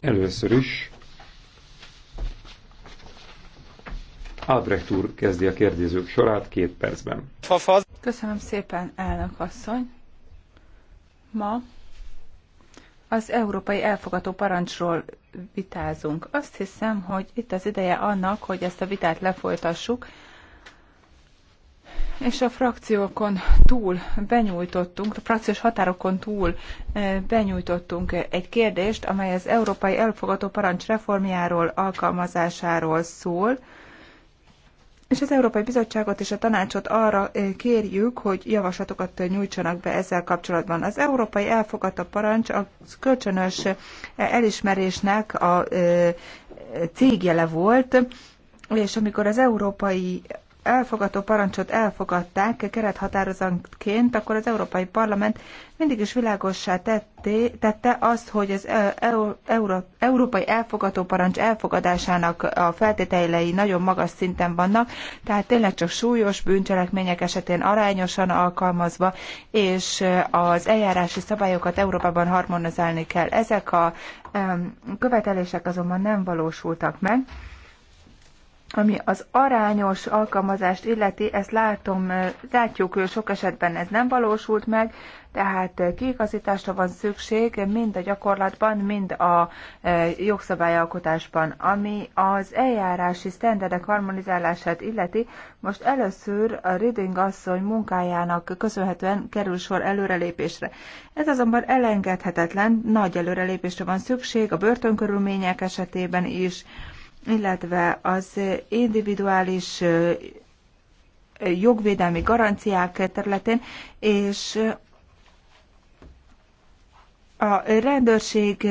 Először is Albrecht úr kezdi a kérdezők sorát két percben. Köszönöm szépen, elnök asszony. Ma az európai elfogató parancsról vitázunk. Azt hiszem, hogy itt az ideje annak, hogy ezt a vitát lefolytassuk, és a frakciókon túl benyújtottunk, a frakciós határokon túl e, benyújtottunk egy kérdést, amely az Európai Elfogató Parancs reformjáról, alkalmazásáról szól, és az Európai Bizottságot és a Tanácsot arra e, kérjük, hogy javaslatokat nyújtsanak be ezzel kapcsolatban. Az Európai Elfogadó Parancs a kölcsönös e, elismerésnek a cégjele volt, és amikor az Európai elfogadó parancsot elfogadták kerethatározatként, akkor az Európai Parlament mindig is világossá tette, tette azt, hogy az európai elfogadó parancs elfogadásának a feltételei nagyon magas szinten vannak, tehát tényleg csak súlyos bűncselekmények esetén arányosan alkalmazva, és az eljárási szabályokat Európában harmonizálni kell. Ezek a követelések azonban nem valósultak meg. Ami az arányos alkalmazást illeti, ezt látom, látjuk sok esetben ez nem valósult meg, tehát kiigazításra van szükség mind a gyakorlatban, mind a jogszabályalkotásban. Ami az eljárási sztenderek harmonizálását illeti, most először a Reading asszony munkájának köszönhetően kerül sor előrelépésre. Ez azonban elengedhetetlen, nagy előrelépésre van szükség a börtönkörülmények esetében is, illetve az individuális jogvédelmi garanciák területén, és a rendőrség,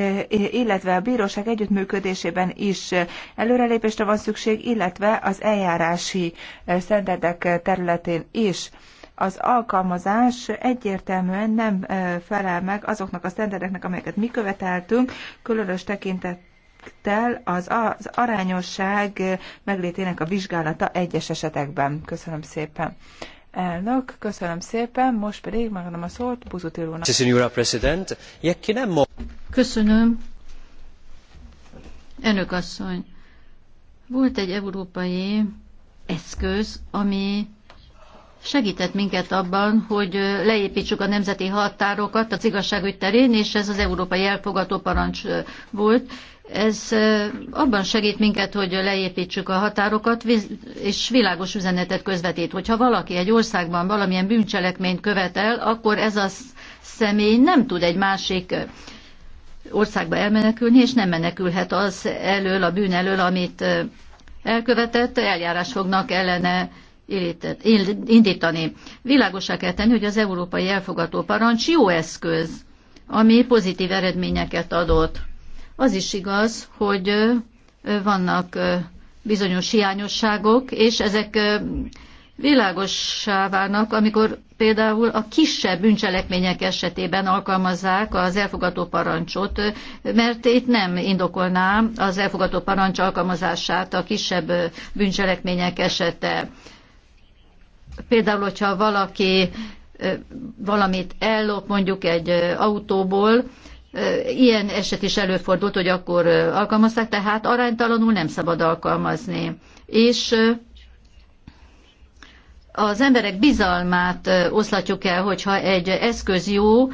illetve a bíróság együttműködésében is előrelépésre van szükség, illetve az eljárási szendedek területén is. Az alkalmazás egyértelműen nem felel meg azoknak a szendedeknek, amelyeket mi követeltünk, különös tekintet ezektel az, az arányosság meglétének a vizsgálata egyes esetekben. Köszönöm szépen. Elnök, köszönöm szépen, most pedig megadom a szót Buzutilónak. Köszönöm. Elnök asszony, volt egy európai eszköz, ami segített minket abban, hogy leépítsük a nemzeti határokat az igazságügy terén, és ez az európai elfogató parancs volt. Ez abban segít minket, hogy leépítsük a határokat, és világos üzenetet közvetít. Hogyha valaki egy országban valamilyen bűncselekményt követel, akkor ez a személy nem tud egy másik országba elmenekülni, és nem menekülhet az elől, a bűn elől, amit elkövetett, eljárás fognak ellene indítani. Világosá kell tenni, hogy az európai elfogató parancs jó eszköz, ami pozitív eredményeket adott. Az is igaz, hogy vannak bizonyos hiányosságok, és ezek világossá válnak, amikor például a kisebb bűncselekmények esetében alkalmazzák az elfogató parancsot, mert itt nem indokolná az elfogató parancs alkalmazását a kisebb bűncselekmények esete. Például, hogyha valaki valamit ellop mondjuk egy autóból, Ilyen eset is előfordult, hogy akkor alkalmazták, tehát aránytalanul nem szabad alkalmazni. És az emberek bizalmát oszlatjuk el, hogyha egy eszköz jó,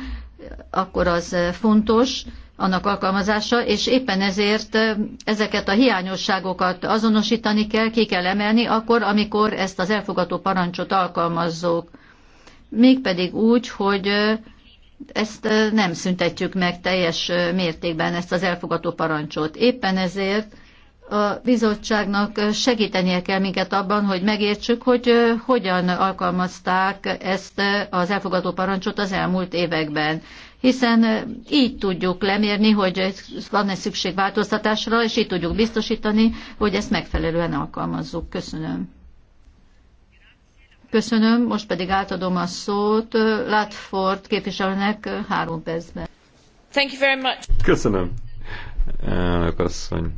akkor az fontos, annak alkalmazása, és éppen ezért ezeket a hiányosságokat azonosítani kell, ki kell emelni, akkor, amikor ezt az elfogadó parancsot alkalmazzuk. Mégpedig úgy, hogy ezt nem szüntetjük meg teljes mértékben, ezt az elfogadó parancsot. Éppen ezért a bizottságnak segítenie kell minket abban, hogy megértsük, hogy hogyan alkalmazták ezt az elfogadó parancsot az elmúlt években. Hiszen így tudjuk lemérni, hogy van-e szükség változtatásra, és így tudjuk biztosítani, hogy ezt megfelelően alkalmazzuk. Köszönöm. Köszönöm, most pedig átadom a szót Latford képviselőnek három percben. Thank you very much. Köszönöm. Elnök asszony.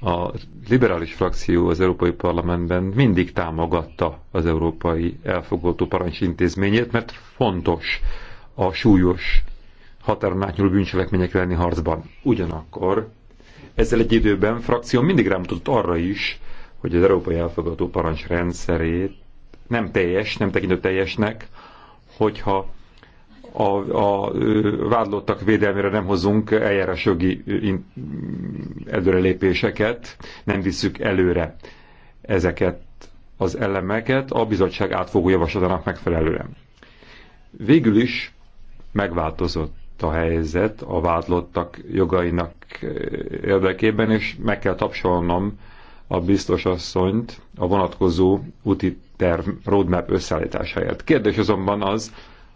A liberális frakció az Európai Parlamentben mindig támogatta az Európai Elfogadó Parancs Intézményét, mert fontos a súlyos határon átnyúló bűncselekmények lenni harcban. Ugyanakkor ezzel egy időben frakció mindig rámutatott arra is, hogy az Európai Elfogadó Parancs rendszerét nem teljes, nem tekintő teljesnek, hogyha a, a vádlottak védelmére nem hozunk eljárásjogi előrelépéseket, nem visszük előre ezeket az elemeket a bizottság átfogó javaslatának megfelelően. Végül is megváltozott a helyzet a vádlottak jogainak érdekében, és meg kell tapsolnom a biztos asszonyt a vonatkozó úti terv, roadmap összeállításáért. Kérdés azonban az,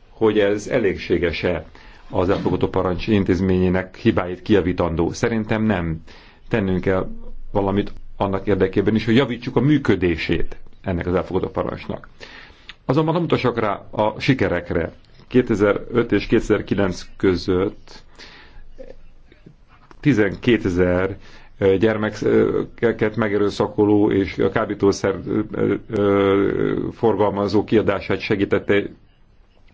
hogy ez elégséges-e az elfogadó parancs intézményének hibáit kiavítandó. Szerintem nem. Tennünk kell valamit annak érdekében is, hogy javítsuk a működését ennek az elfogadó parancsnak. Azonban nem utasok rá a sikerekre. 2005 és 2009 között 12 ezer gyermekeket megerőszakoló és a kábítószer forgalmazó kiadását segítette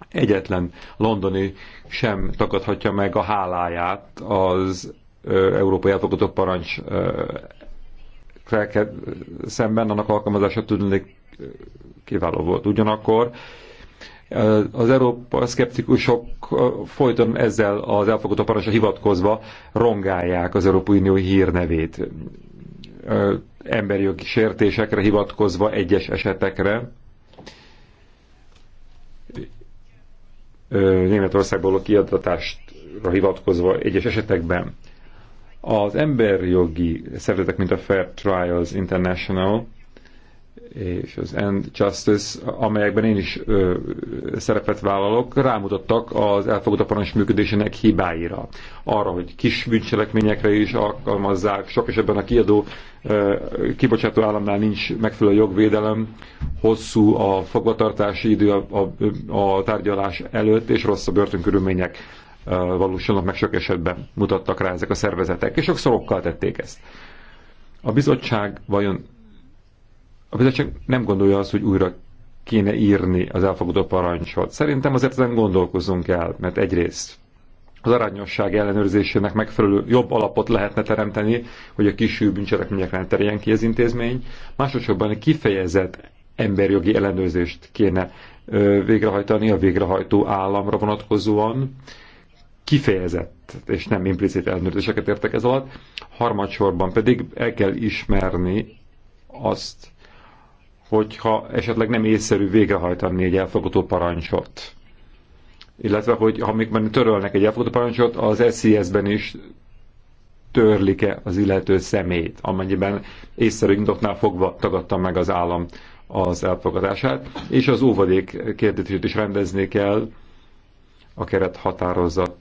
egyetlen londoni sem takadhatja meg a háláját az európai elfogadó parancs szemben annak alkalmazása tudnék kiváló volt. Ugyanakkor az Európa szkeptikusok folyton ezzel az elfogadó parancsra hivatkozva rongálják az Európai Unió hírnevét. Emberi jogi sértésekre hivatkozva egyes esetekre. Németországból a kiadatásra hivatkozva egyes esetekben. Az emberjogi szervezetek, mint a Fair Trials International és az End Justice, amelyekben én is ö, szerepet vállalok, rámutattak az elfogadott parancs működésének hibáira. Arra, hogy kis bűncselekményekre is alkalmazzák, sok esetben a kiadó ö, kibocsátó államnál nincs megfelelő jogvédelem, hosszú a fogvatartási idő a, a, a tárgyalás előtt, és rossz a börtönkörülmények ö, valósulnak meg sok esetben mutattak rá ezek a szervezetek, és sokszor okkal tették ezt. A bizottság vajon a bizottság nem gondolja azt, hogy újra kéne írni az elfogadó parancsot. Szerintem azért ezen gondolkozunk el, mert egyrészt az arányosság ellenőrzésének megfelelő jobb alapot lehetne teremteni, hogy a kisű bűncselekményekre ne terjen ki az intézmény. Másodszorban egy kifejezett emberjogi ellenőrzést kéne végrehajtani a végrehajtó államra vonatkozóan. Kifejezett és nem implicit ellenőrzéseket értek ez alatt. Harmadsorban pedig el kell ismerni azt, hogyha esetleg nem észszerű végrehajtani egy elfogadó parancsot. Illetve, hogy ha még törölnek egy elfogadó parancsot, az scs ben is törlik-e az illető szemét, amennyiben észszerű indoknál fogva tagadta meg az állam az elfogadását, és az óvadék kérdését is rendezni kell a keret határozat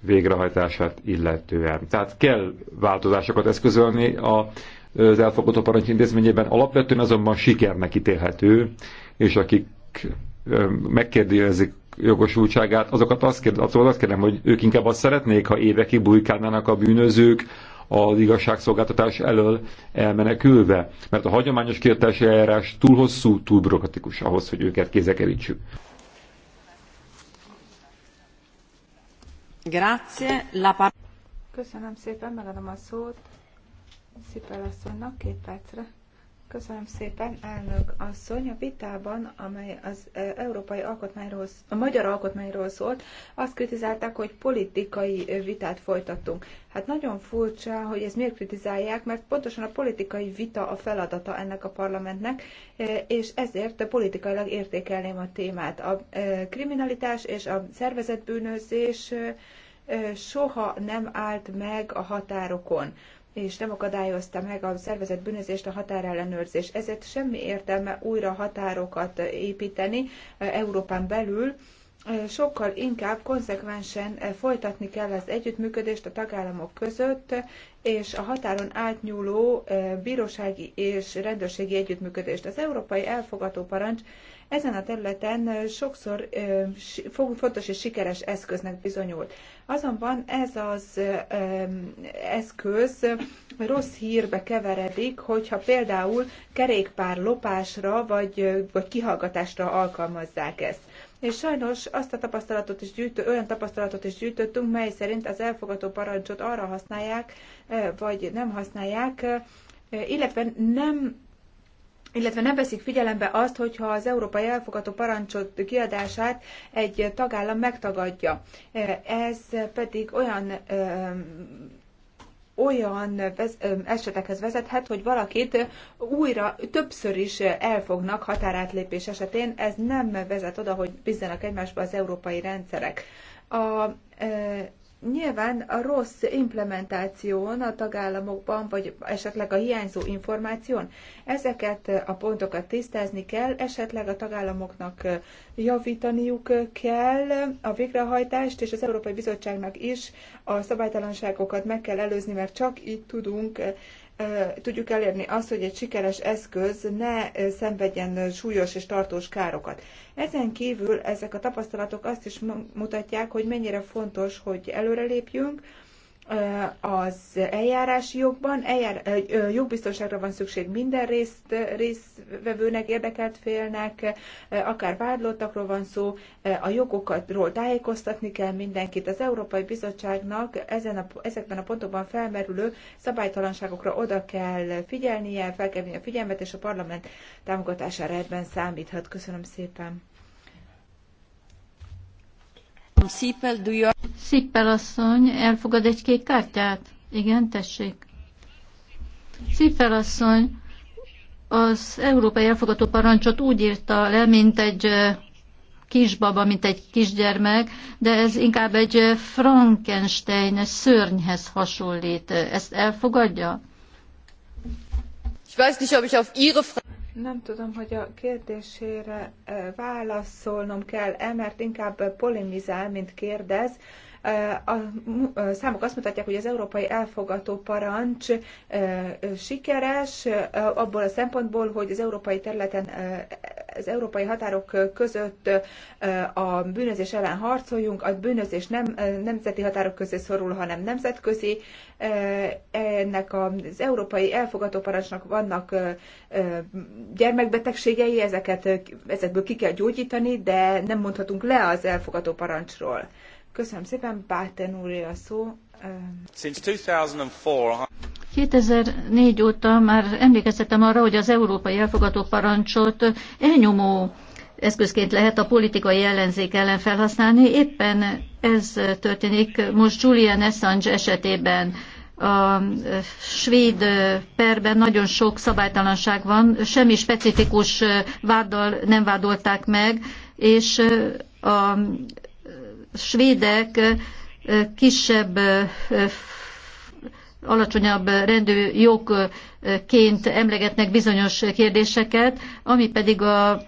végrehajtását illetően. Tehát kell változásokat eszközölni a az elfogadó parancs intézményében alapvetően azonban sikernek ítélhető, és akik megkérdőjelezik jogosultságát, azokat azt, kérd, azokat azt kérdem, hogy ők inkább azt szeretnék, ha évekig bujkálnának a bűnözők az igazságszolgáltatás elől elmenekülve. Mert a hagyományos kirtási eljárás túl hosszú, túl bürokratikus ahhoz, hogy őket kézekerítsük. Grazie. La Köszönöm szépen, megadom a szót Szipel asszonynak két percre. Köszönöm szépen, elnök asszony. A vitában, amely az európai alkotmányról, a magyar alkotmányról szólt, azt kritizálták, hogy politikai vitát folytattunk. Hát nagyon furcsa, hogy ezt miért kritizálják, mert pontosan a politikai vita a feladata ennek a parlamentnek, és ezért politikailag értékelném a témát. A kriminalitás és a szervezetbűnözés soha nem állt meg a határokon és nem akadályozta meg a szervezet bűnözést, a határellenőrzés. Ezért semmi értelme újra határokat építeni eh, Európán belül, eh, sokkal inkább konzekvensen eh, folytatni kell az együttműködést a tagállamok között, és a határon átnyúló bírósági és rendőrségi együttműködést. Az európai elfogató parancs ezen a területen sokszor fontos és sikeres eszköznek bizonyult. Azonban ez az eszköz rossz hírbe keveredik, hogyha például kerékpár lopásra vagy, vagy kihallgatásra alkalmazzák ezt. És sajnos azt a tapasztalatot is gyűjtő, olyan tapasztalatot is gyűjtöttünk, mely szerint az elfogadó parancsot arra használják, eh, vagy nem használják, eh, illetve nem illetve nem veszik figyelembe azt, hogyha az európai elfogadó parancsot kiadását egy tagállam megtagadja. Ez pedig olyan olyan esetekhez vezethet, hogy valakit újra többször is elfognak határátlépés esetén. Ez nem vezet oda, hogy bízzanak egymásba az európai rendszerek. A, Nyilván a rossz implementáción a tagállamokban, vagy esetleg a hiányzó információn, ezeket eh, a pontokat tisztázni kell, esetleg a tagállamoknak eh, javítaniuk eh, kell a végrehajtást, és az Európai Bizottságnak is a szabálytalanságokat meg kell előzni, mert csak így tudunk tudjuk elérni azt, hogy egy sikeres eszköz ne szenvedjen súlyos és tartós károkat. Ezen kívül ezek a tapasztalatok azt is mutatják, hogy mennyire fontos, hogy előrelépjünk, az eljárási jogban, eljár, jogbiztonságra van szükség minden részt, részvevőnek, érdekelt félnek, akár vádlottakról van szó, a jogokatról tájékoztatni kell mindenkit. Az Európai Bizottságnak ezen a, ezekben a pontokban felmerülő szabálytalanságokra oda kell figyelnie, fel kell a figyelmet, és a parlament támogatására ebben számíthat. Köszönöm szépen! Szipel, asszony, elfogad egy kék kártyát? Igen, tessék. Szipel asszony, az Európai Elfogató Parancsot úgy írta le, mint egy kisbaba, mint egy kisgyermek, de ez inkább egy Frankenstein szörnyhez hasonlít. Ezt elfogadja? Ich weiß nicht, ob ich auf Ihre nem tudom, hogy a kérdésére eh, válaszolnom kell-e, mert inkább polemizál, mint kérdez. A számok azt mutatják, hogy az európai elfogató parancs sikeres abból a szempontból, hogy az európai területen, az európai határok között a bűnözés ellen harcoljunk, a bűnözés nem nemzeti határok közé szorul, hanem nemzetközi. Ennek az európai elfogató parancsnak vannak gyermekbetegségei, ezeket, ezekből ki kell gyógyítani, de nem mondhatunk le az elfogató parancsról. Köszönöm szépen, Páten úr a szó. 2004, 2004 óta már emlékeztetem arra, hogy az európai elfogató parancsot elnyomó eszközként lehet a politikai ellenzék ellen felhasználni. Éppen ez történik most Julian Assange esetében. A svéd perben nagyon sok szabálytalanság van, semmi specifikus váddal nem vádolták meg, és a svédek kisebb alacsonyabb rendű jogként emlegetnek bizonyos kérdéseket, ami pedig a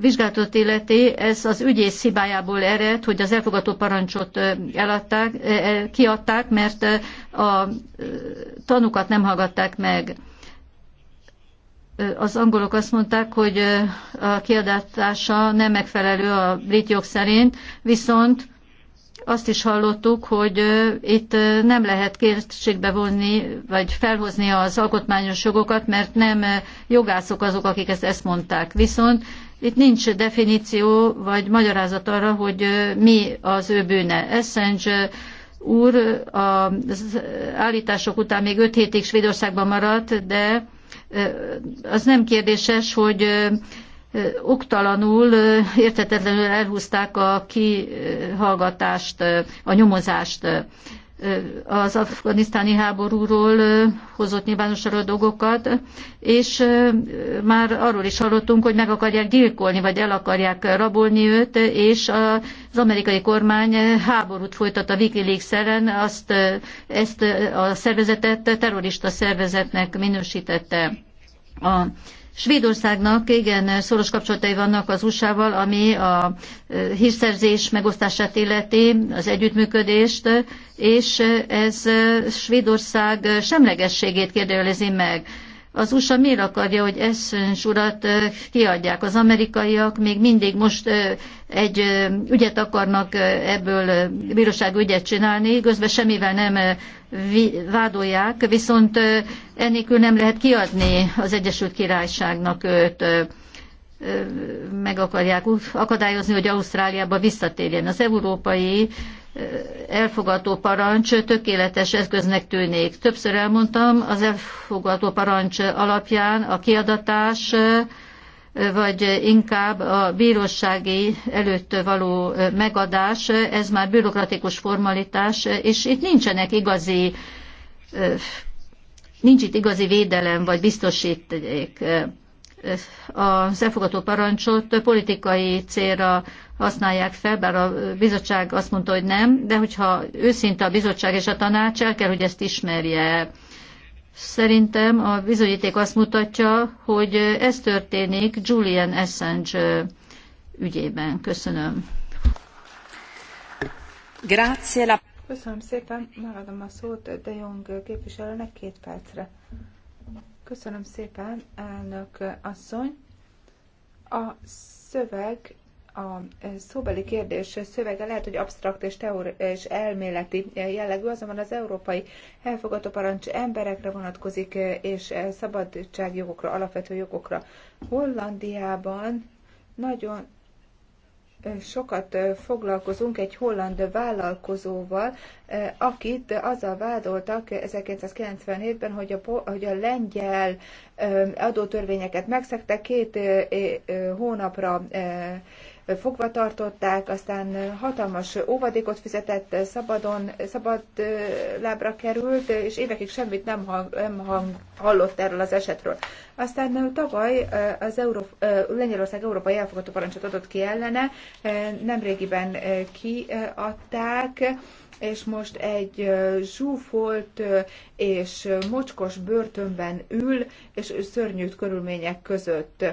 vizsgálatot illeti, ez az ügyész hibájából ered, hogy az elfogadó parancsot eladták, kiadták, mert a tanukat nem hallgatták meg az angolok azt mondták, hogy a kiadatása nem megfelelő a brit jog szerint, viszont azt is hallottuk, hogy itt nem lehet kétségbe vonni, vagy felhozni az alkotmányos jogokat, mert nem jogászok azok, akik ezt, ezt mondták. Viszont itt nincs definíció, vagy magyarázat arra, hogy mi az ő bűne. Assange úr az állítások után még öt hétig Svédországban maradt, de az nem kérdéses, hogy oktalanul, értetetlenül elhúzták a kihallgatást, a nyomozást az afganisztáni háborúról hozott nyilvánosságra dolgokat, és már arról is hallottunk, hogy meg akarják gyilkolni, vagy el akarják rabolni őt, és az amerikai kormány háborút folytat a Wikileaks ellen, azt, ezt a szervezetet terrorista szervezetnek minősítette. A Svédországnak igen szoros kapcsolatai vannak az USA-val, ami a e, hírszerzés megosztását illeti, az együttműködést, és ez Svédország semlegességét kérdőjelezi meg. Az USA miért akarja, hogy Assange urat kiadják? Az amerikaiak még mindig most egy ügyet akarnak ebből bíróság ügyet csinálni, közben semmivel nem vádolják, viszont enélkül nem lehet kiadni az Egyesült Királyságnak őt meg akarják akadályozni, hogy Ausztráliába visszatérjen. Az európai elfogató parancs tökéletes eszköznek tűnik. Többször elmondtam, az elfogató parancs alapján a kiadatás vagy inkább a bírósági előtt való megadás, ez már bürokratikus formalitás, és itt nincsenek igazi, nincs itt igazi védelem vagy biztosíték az elfogadó parancsot politikai célra használják fel, bár a bizottság azt mondta, hogy nem, de hogyha őszinte a bizottság és a tanács, el kell, hogy ezt ismerje. Szerintem a bizonyíték azt mutatja, hogy ez történik Julian Assange ügyében. Köszönöm. Grazie la... Köszönöm szépen, megadom a szót De Jong képviselőnek két percre. Köszönöm szépen, elnök asszony. A szöveg, a szóbeli kérdés szövege lehet, hogy absztrakt és, teori- és elméleti jellegű, azonban az európai elfogadó parancs emberekre vonatkozik, és szabadságjogokra, alapvető jogokra. Hollandiában nagyon sokat foglalkozunk egy holland vállalkozóval, akit azzal vádoltak 1997-ben, hogy a, hogy a lengyel adótörvényeket megszegte, két hónapra fogva tartották, aztán hatalmas óvadékot fizetett, szabadon, szabad lábra került, és évekig semmit nem, hang, nem hang, hallott erről az esetről. Aztán tavaly az Euró, Lengyelország Európai Elfogadó Parancsot adott ki ellene, nemrégiben kiadták, és most egy zsúfolt és mocskos börtönben ül, és szörnyű körülmények között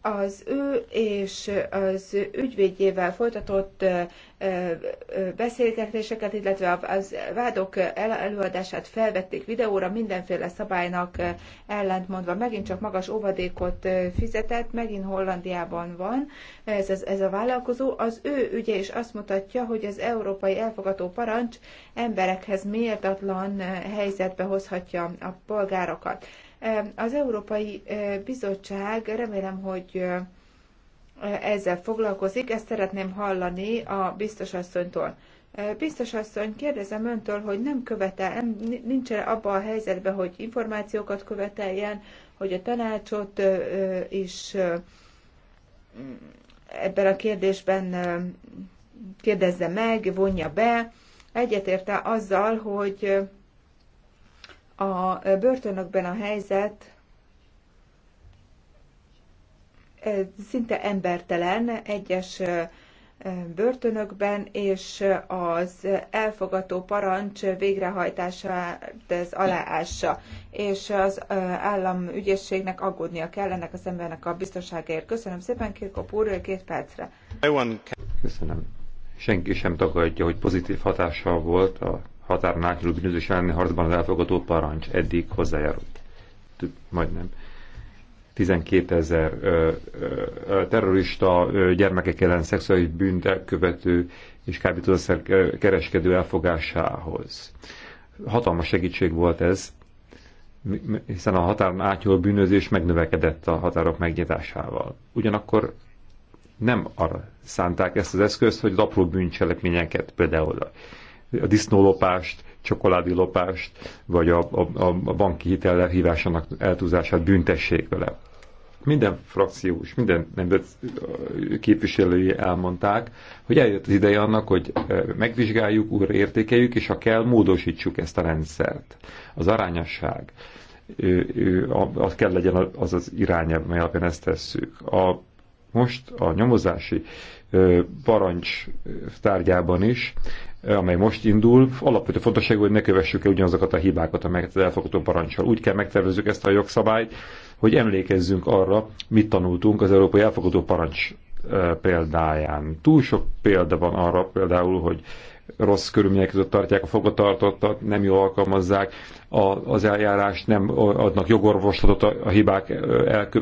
az ő és az ügyvédjével folytatott beszélgetéseket, illetve az vádok előadását felvették videóra, mindenféle szabálynak ellentmondva. Megint csak magas óvadékot fizetett, megint Hollandiában van ez, ez, ez a vállalkozó. Az ő ügye is azt mutatja, hogy az európai elfogató parancs emberekhez méltatlan helyzetbe hozhatja a polgárokat. Az Európai Bizottság remélem, hogy ezzel foglalkozik, ezt szeretném hallani a biztosasszonytól. Biztosasszony, kérdezem öntől, hogy nem követel, nem, nincs -e abba a helyzetben, hogy információkat követeljen, hogy a tanácsot is ebben a kérdésben kérdezze meg, vonja be, egyetérte azzal, hogy a börtönökben a helyzet szinte embertelen egyes börtönökben, és az elfogató parancs végrehajtását ez aláássa, és az államügyészségnek aggódnia kell ennek az embernek a biztonságért. Köszönöm szépen, Kirkop úr, két percre. Köszönöm. Senki sem tagadja, hogy pozitív hatással volt a határon átnyúló bűnözés elleni harcban az elfogadó parancs eddig hozzájárult. Majdnem. 12 ezer terrorista ö, gyermekek ellen szexuális bűnt és kábítószer kereskedő elfogásához. Hatalmas segítség volt ez, hiszen a határon átnyúló bűnözés megnövekedett a határok megnyitásával. Ugyanakkor nem arra szánták ezt az eszközt, hogy az apró bűncselekményeket, például a a disznólopást, csokoládi lopást, vagy a, a, a banki hitel elhívásának eltúzását büntessék vele. Minden frakciós, minden nemzet képviselői elmondták, hogy eljött az ideje annak, hogy megvizsgáljuk, újra értékeljük, és ha kell, módosítsuk ezt a rendszert. Az arányosság, az kell legyen az az irány, mely alapján ezt tesszük. A, most a nyomozási parancs tárgyában is amely most indul, alapvető fontosságú, hogy ne kövessük el ugyanazokat a hibákat, amelyeket az elfogadó parancsol. Úgy kell megtervezzük ezt a jogszabályt, hogy emlékezzünk arra, mit tanultunk az európai elfogadó parancs példáján. Túl sok példa van arra például, hogy rossz körülmények között tartják a fogatartottat, nem jól alkalmazzák a, az eljárást, nem adnak jogorvoslatot a, a hibák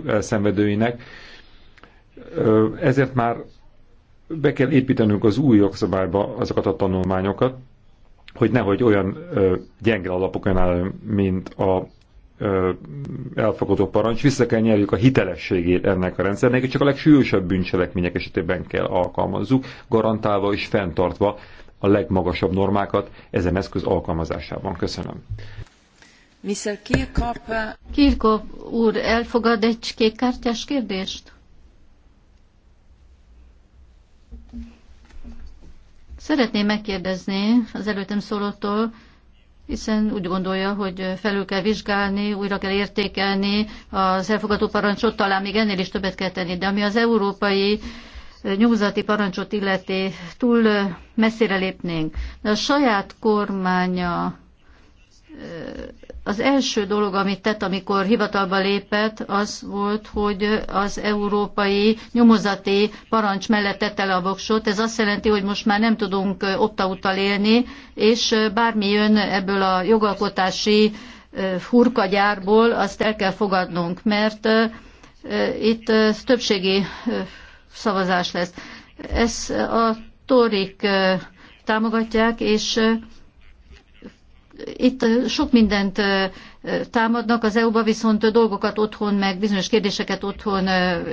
elszenvedőinek. Ezért már be kell építenünk az új jogszabályba azokat a tanulmányokat, hogy nehogy olyan ö, gyenge alapokon áll, mint a ö, elfogadó parancs, vissza kell nyerjük a hitelességét ennek a rendszernek, és csak a legsúlyosabb bűncselekmények esetében kell alkalmazzuk, garantálva és fenntartva a legmagasabb normákat ezen eszköz alkalmazásában. Köszönöm. Mr. Kirkop úr elfogad egy kékkártyás kérdést? Szeretném megkérdezni az előttem szólótól, hiszen úgy gondolja, hogy felül kell vizsgálni, újra kell értékelni az elfogadó parancsot, talán még ennél is többet kell tenni, de ami az európai nyugzati parancsot illeti, túl messzire lépnénk. De a saját kormánya az első dolog, amit tett, amikor hivatalba lépett, az volt, hogy az európai nyomozati parancs mellett tette le a voksot. Ez azt jelenti, hogy most már nem tudunk optautal élni, és bármi jön ebből a jogalkotási hurkagyárból, azt el kell fogadnunk, mert itt többségi szavazás lesz. Ez a torik támogatják, és itt sok mindent támadnak az EU-ba, viszont dolgokat otthon, meg bizonyos kérdéseket otthon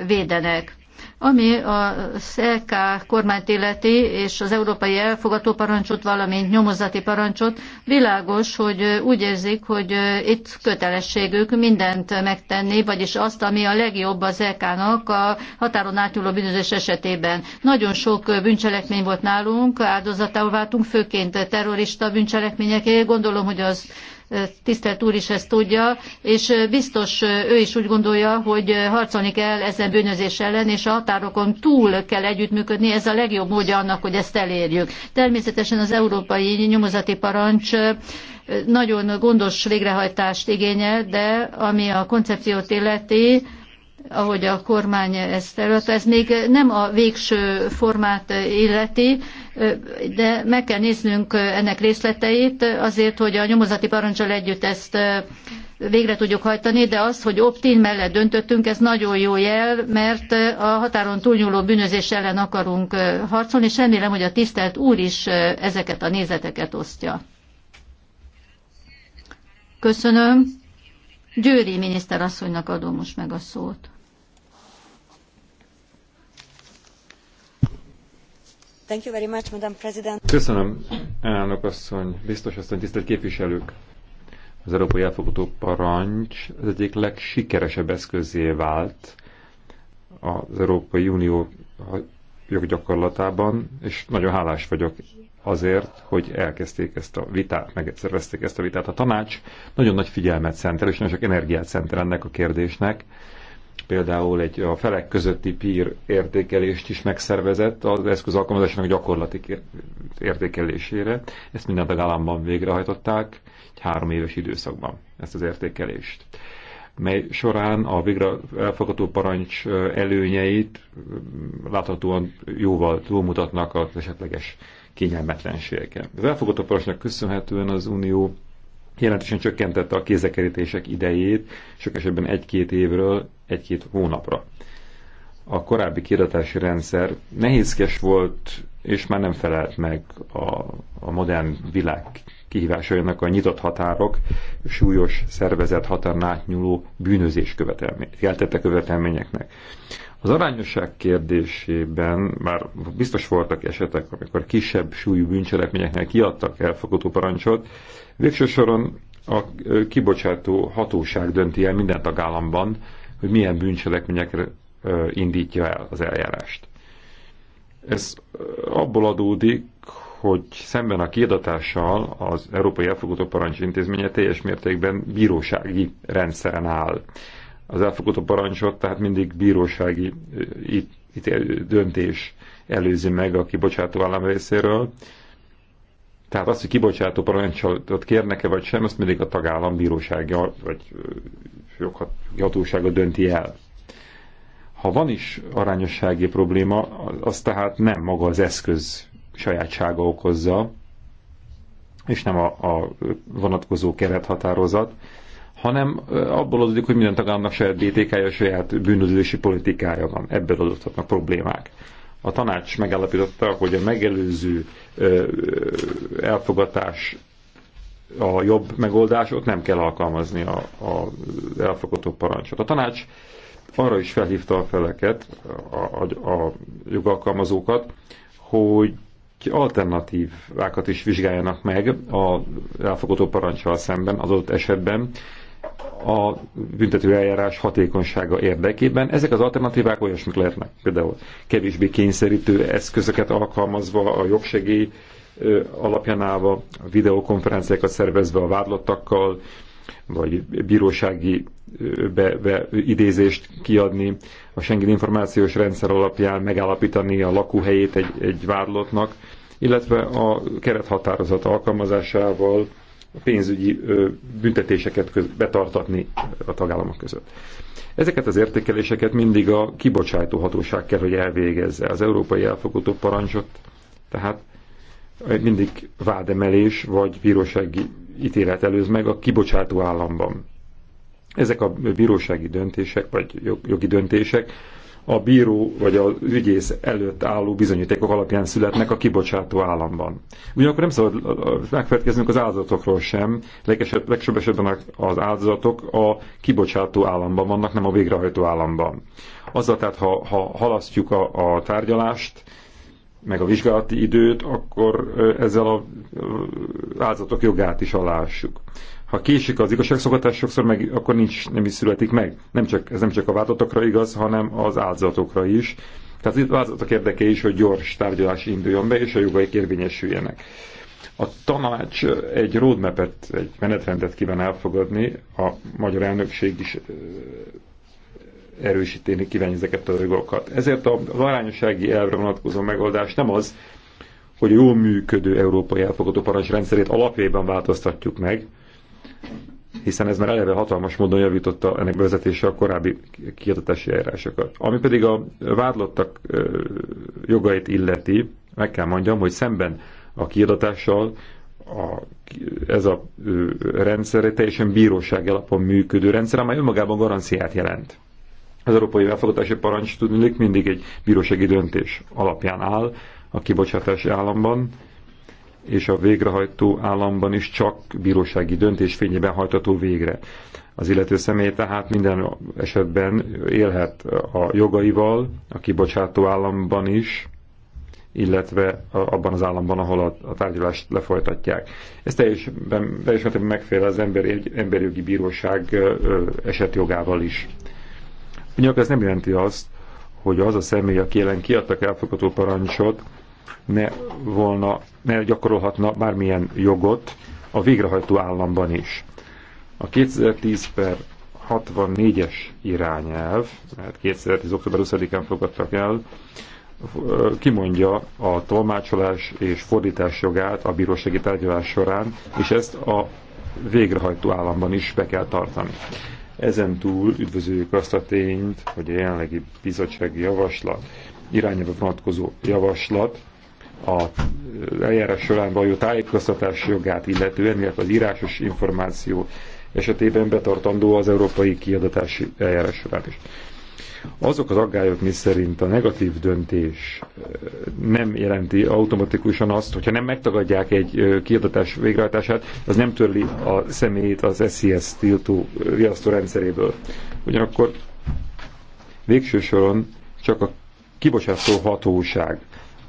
védenek. Ami a SZLK kormányt illeti, és az európai elfogató parancsot, valamint nyomozati parancsot, világos, hogy úgy érzik, hogy itt kötelességük mindent megtenni, vagyis azt, ami a legjobb az LK-nak a határon átnyúló bűnözés esetében. Nagyon sok bűncselekmény volt nálunk, áldozatául váltunk, főként terrorista bűncselekményekért. Gondolom, hogy az tisztelt úr is ezt tudja, és biztos ő is úgy gondolja, hogy harcolni kell ezen bűnözés ellen, és a határokon túl kell együttműködni, ez a legjobb módja annak, hogy ezt elérjük. Természetesen az európai nyomozati parancs nagyon gondos végrehajtást igényel, de ami a koncepciót illeti, ahogy a kormány ezt előtt. Ez még nem a végső formát illeti, de meg kell néznünk ennek részleteit azért, hogy a nyomozati parancsal együtt ezt végre tudjuk hajtani, de az, hogy optin mellett döntöttünk, ez nagyon jó jel, mert a határon túlnyúló bűnözés ellen akarunk harcolni, és remélem, hogy a tisztelt úr is ezeket a nézeteket osztja. Köszönöm. Győri miniszterasszonynak adom most meg a szót. Thank you very much, Madam President. Köszönöm, elnök asszony, biztos asszony, tisztelt képviselők! Az Európai Elfogadó Parancs az egyik legsikeresebb eszközé vált az Európai Unió joggyakorlatában, és nagyon hálás vagyok azért, hogy elkezdték ezt a vitát, megszervezték ezt a vitát. A tanács nagyon nagy figyelmet szentel, és nagyon sok energiát szentel ennek a kérdésnek. Például egy a felek közötti pír értékelést is megszervezett az eszköz alkalmazásának gyakorlati értékelésére. Ezt minden tagállamban végrehajtották, egy három éves időszakban ezt az értékelést mely során a végre elfogadó parancs előnyeit láthatóan jóval túlmutatnak az esetleges kényelmetlenségek. Az a parancsnak köszönhetően az Unió jelentősen csökkentette a kézekerítések idejét, sok esetben egy-két évről egy-két hónapra. A korábbi kiadatási rendszer nehézkes volt, és már nem felelt meg a, a modern világ kihívásainak a nyitott határok, súlyos szervezet nyúló bűnözés követelmény, jeltette követelményeknek. Az arányosság kérdésében már biztos voltak esetek, amikor kisebb súlyú bűncselekményeknél kiadtak elfogadó parancsot, végső soron a kibocsátó hatóság dönti el minden tagállamban, hogy milyen bűncselekményekre indítja el az eljárást. Ez abból adódik, hogy szemben a kiadatással az Európai Elfogadó Parancs Intézménye teljes mértékben bírósági rendszeren áll az a parancsot, tehát mindig bírósági itt, itt döntés előzi meg a kibocsátó állam részéről. Tehát azt, hogy kibocsátó parancsot kérnek-e vagy sem, azt mindig a tagállam bírósága vagy joghatósága dönti el. Ha van is arányossági probléma, az tehát nem maga az eszköz sajátsága okozza, és nem a, a vonatkozó kerethatározat, hanem abból adódik, hogy minden tagállamnak saját BTK-ja, saját bűnözési politikája van. Ebből adódhatnak problémák. A tanács megállapította, hogy a megelőző elfogatás a jobb megoldás, ott nem kell alkalmazni az elfogadó parancsot. A tanács arra is felhívta a feleket, a, a, a jogalkalmazókat, hogy alternatívákat is vizsgáljanak meg a elfogadó parancsal szemben az adott esetben, a eljárás hatékonysága érdekében. Ezek az alternatívák olyasmik lehetnek, például kevésbé kényszerítő eszközöket alkalmazva, a jogsegély alapján állva, a videokonferenciákat szervezve a vádlottakkal, vagy bírósági be, be, idézést kiadni, a Schengen információs rendszer alapján megállapítani a lakóhelyét egy, egy vádlottnak, illetve a kerethatározat alkalmazásával pénzügyi büntetéseket betartatni a tagállamok között. Ezeket az értékeléseket mindig a kibocsátó hatóság kell, hogy elvégezze. Az európai elfogadó parancsot, tehát mindig vádemelés vagy bírósági ítélet előz meg a kibocsátó államban. Ezek a bírósági döntések, vagy jogi döntések a bíró vagy az ügyész előtt álló bizonyítékok alapján születnek a kibocsátó államban. Ugyanakkor nem szabad megfelelkeznünk az áldozatokról sem, Legesebb, legsőbb esetben az áldozatok a kibocsátó államban vannak, nem a végrehajtó államban. Azzal tehát, ha, ha halasztjuk a, a tárgyalást, meg a vizsgálati időt, akkor ezzel az áldozatok jogát is alássuk ha késik az igazságszolgatás sokszor meg, akkor nincs, nem is születik meg. Nem csak, ez nem csak a váltatokra igaz, hanem az áldozatokra is. Tehát itt a érdeke is, hogy gyors tárgyalás induljon be, és a jogaik érvényesüljenek. A tanács egy roadmap egy menetrendet kíván elfogadni, a magyar elnökség is erősíteni kívánja ezeket a jogokat. Ezért az arányossági elvre vonatkozó megoldás nem az, hogy a jól működő európai elfogadó parancsrendszerét alapjában változtatjuk meg, hiszen ez már eleve hatalmas módon javította ennek bevezetése a korábbi kiadatási eljárásokat. Ami pedig a vádlottak jogait illeti, meg kell mondjam, hogy szemben a kiadatással a, ez a rendszer egy teljesen bíróság alapon működő rendszer, amely önmagában garanciát jelent. Az európai elfogadási parancs tudnék mindig egy bírósági döntés alapján áll a kibocsátási államban, és a végrehajtó államban is csak bírósági döntés fényében hajtató végre. Az illető személy tehát minden esetben élhet a jogaival, a kibocsátó államban is, illetve abban az államban, ahol a, tárgyalást lefolytatják. Ez teljesen, teljesen megfelel az emberi emberjogi bíróság esetjogával is. Nyilván ez nem jelenti azt, hogy az a személy, aki ellen kiadtak elfogadó parancsot, ne volna, ne gyakorolhatna bármilyen jogot a végrehajtó államban is. A 2010 per 64-es irányelv, mert 2010. október 20-án fogadtak el, kimondja a tolmácsolás és fordítás jogát a bírósági tárgyalás során, és ezt a végrehajtó államban is be kell tartani. Ezen túl üdvözöljük azt a tényt, hogy a jelenlegi bizottsági javaslat, irányába vonatkozó javaslat a eljárás során való tájékoztatás jogát illetően, illetve az írásos információ esetében betartandó az európai kiadatási eljárás során is. Azok az aggályok, mi szerint a negatív döntés eh, nem jelenti automatikusan azt, hogyha nem megtagadják egy eh, kiadatás végrehajtását, az nem törli a személyét az SCS tiltó eh, riasztó rendszeréből. Ugyanakkor végső soron csak a kibocsátó hatóság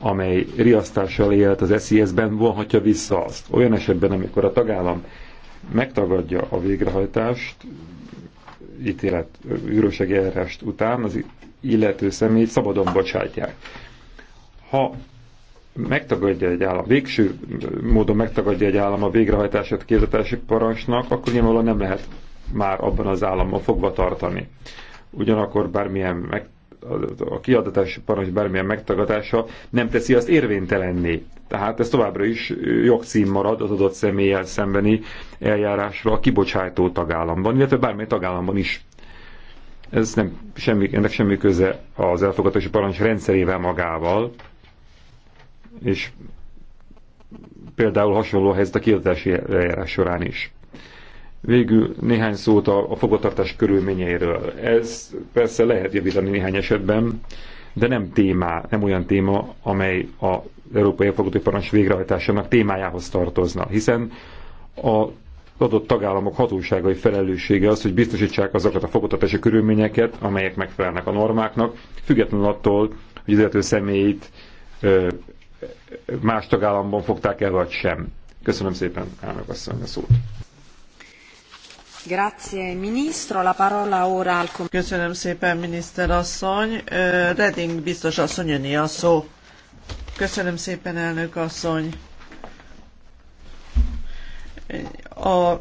amely riasztással élt az SZSZ-ben, vonhatja vissza azt. Olyan esetben, amikor a tagállam megtagadja a végrehajtást, ítélet, űrösegi eljárást után az illető személyt szabadon bocsátják. Ha megtagadja egy állam, végső módon megtagadja egy állam a végrehajtását kiadatási parancsnak, akkor nyilvánvalóan nem lehet már abban az államban fogva tartani. Ugyanakkor bármilyen meg, a kiadatási parancs bármilyen megtagadása nem teszi azt érvénytelenné. Tehát ez továbbra is jogcím marad az adott személlyel szembeni eljárásra a kibocsátó tagállamban, illetve bármely tagállamban is. Ez nem, semmi, ennek semmi köze az elfogadási parancs rendszerével magával, és például hasonló helyzet a kiadatási eljárás során is. Végül néhány szót a, a fogatartás körülményeiről. Ez persze lehet javítani néhány esetben, de nem témá, nem olyan téma, amely az Európai Fogadói Parancs végrehajtásának témájához tartozna, hiszen a adott tagállamok hatóságai felelőssége az, hogy biztosítsák azokat a fogadtatási körülményeket, amelyek megfelelnek a normáknak, függetlenül attól, hogy az illető személyt más tagállamban fogták el, vagy sem. Köszönöm szépen, elnök asszony, a szót. Köszönöm szépen, miniszter asszony. Reding biztos asszony, öné a szó. Köszönöm szépen, elnök asszony. A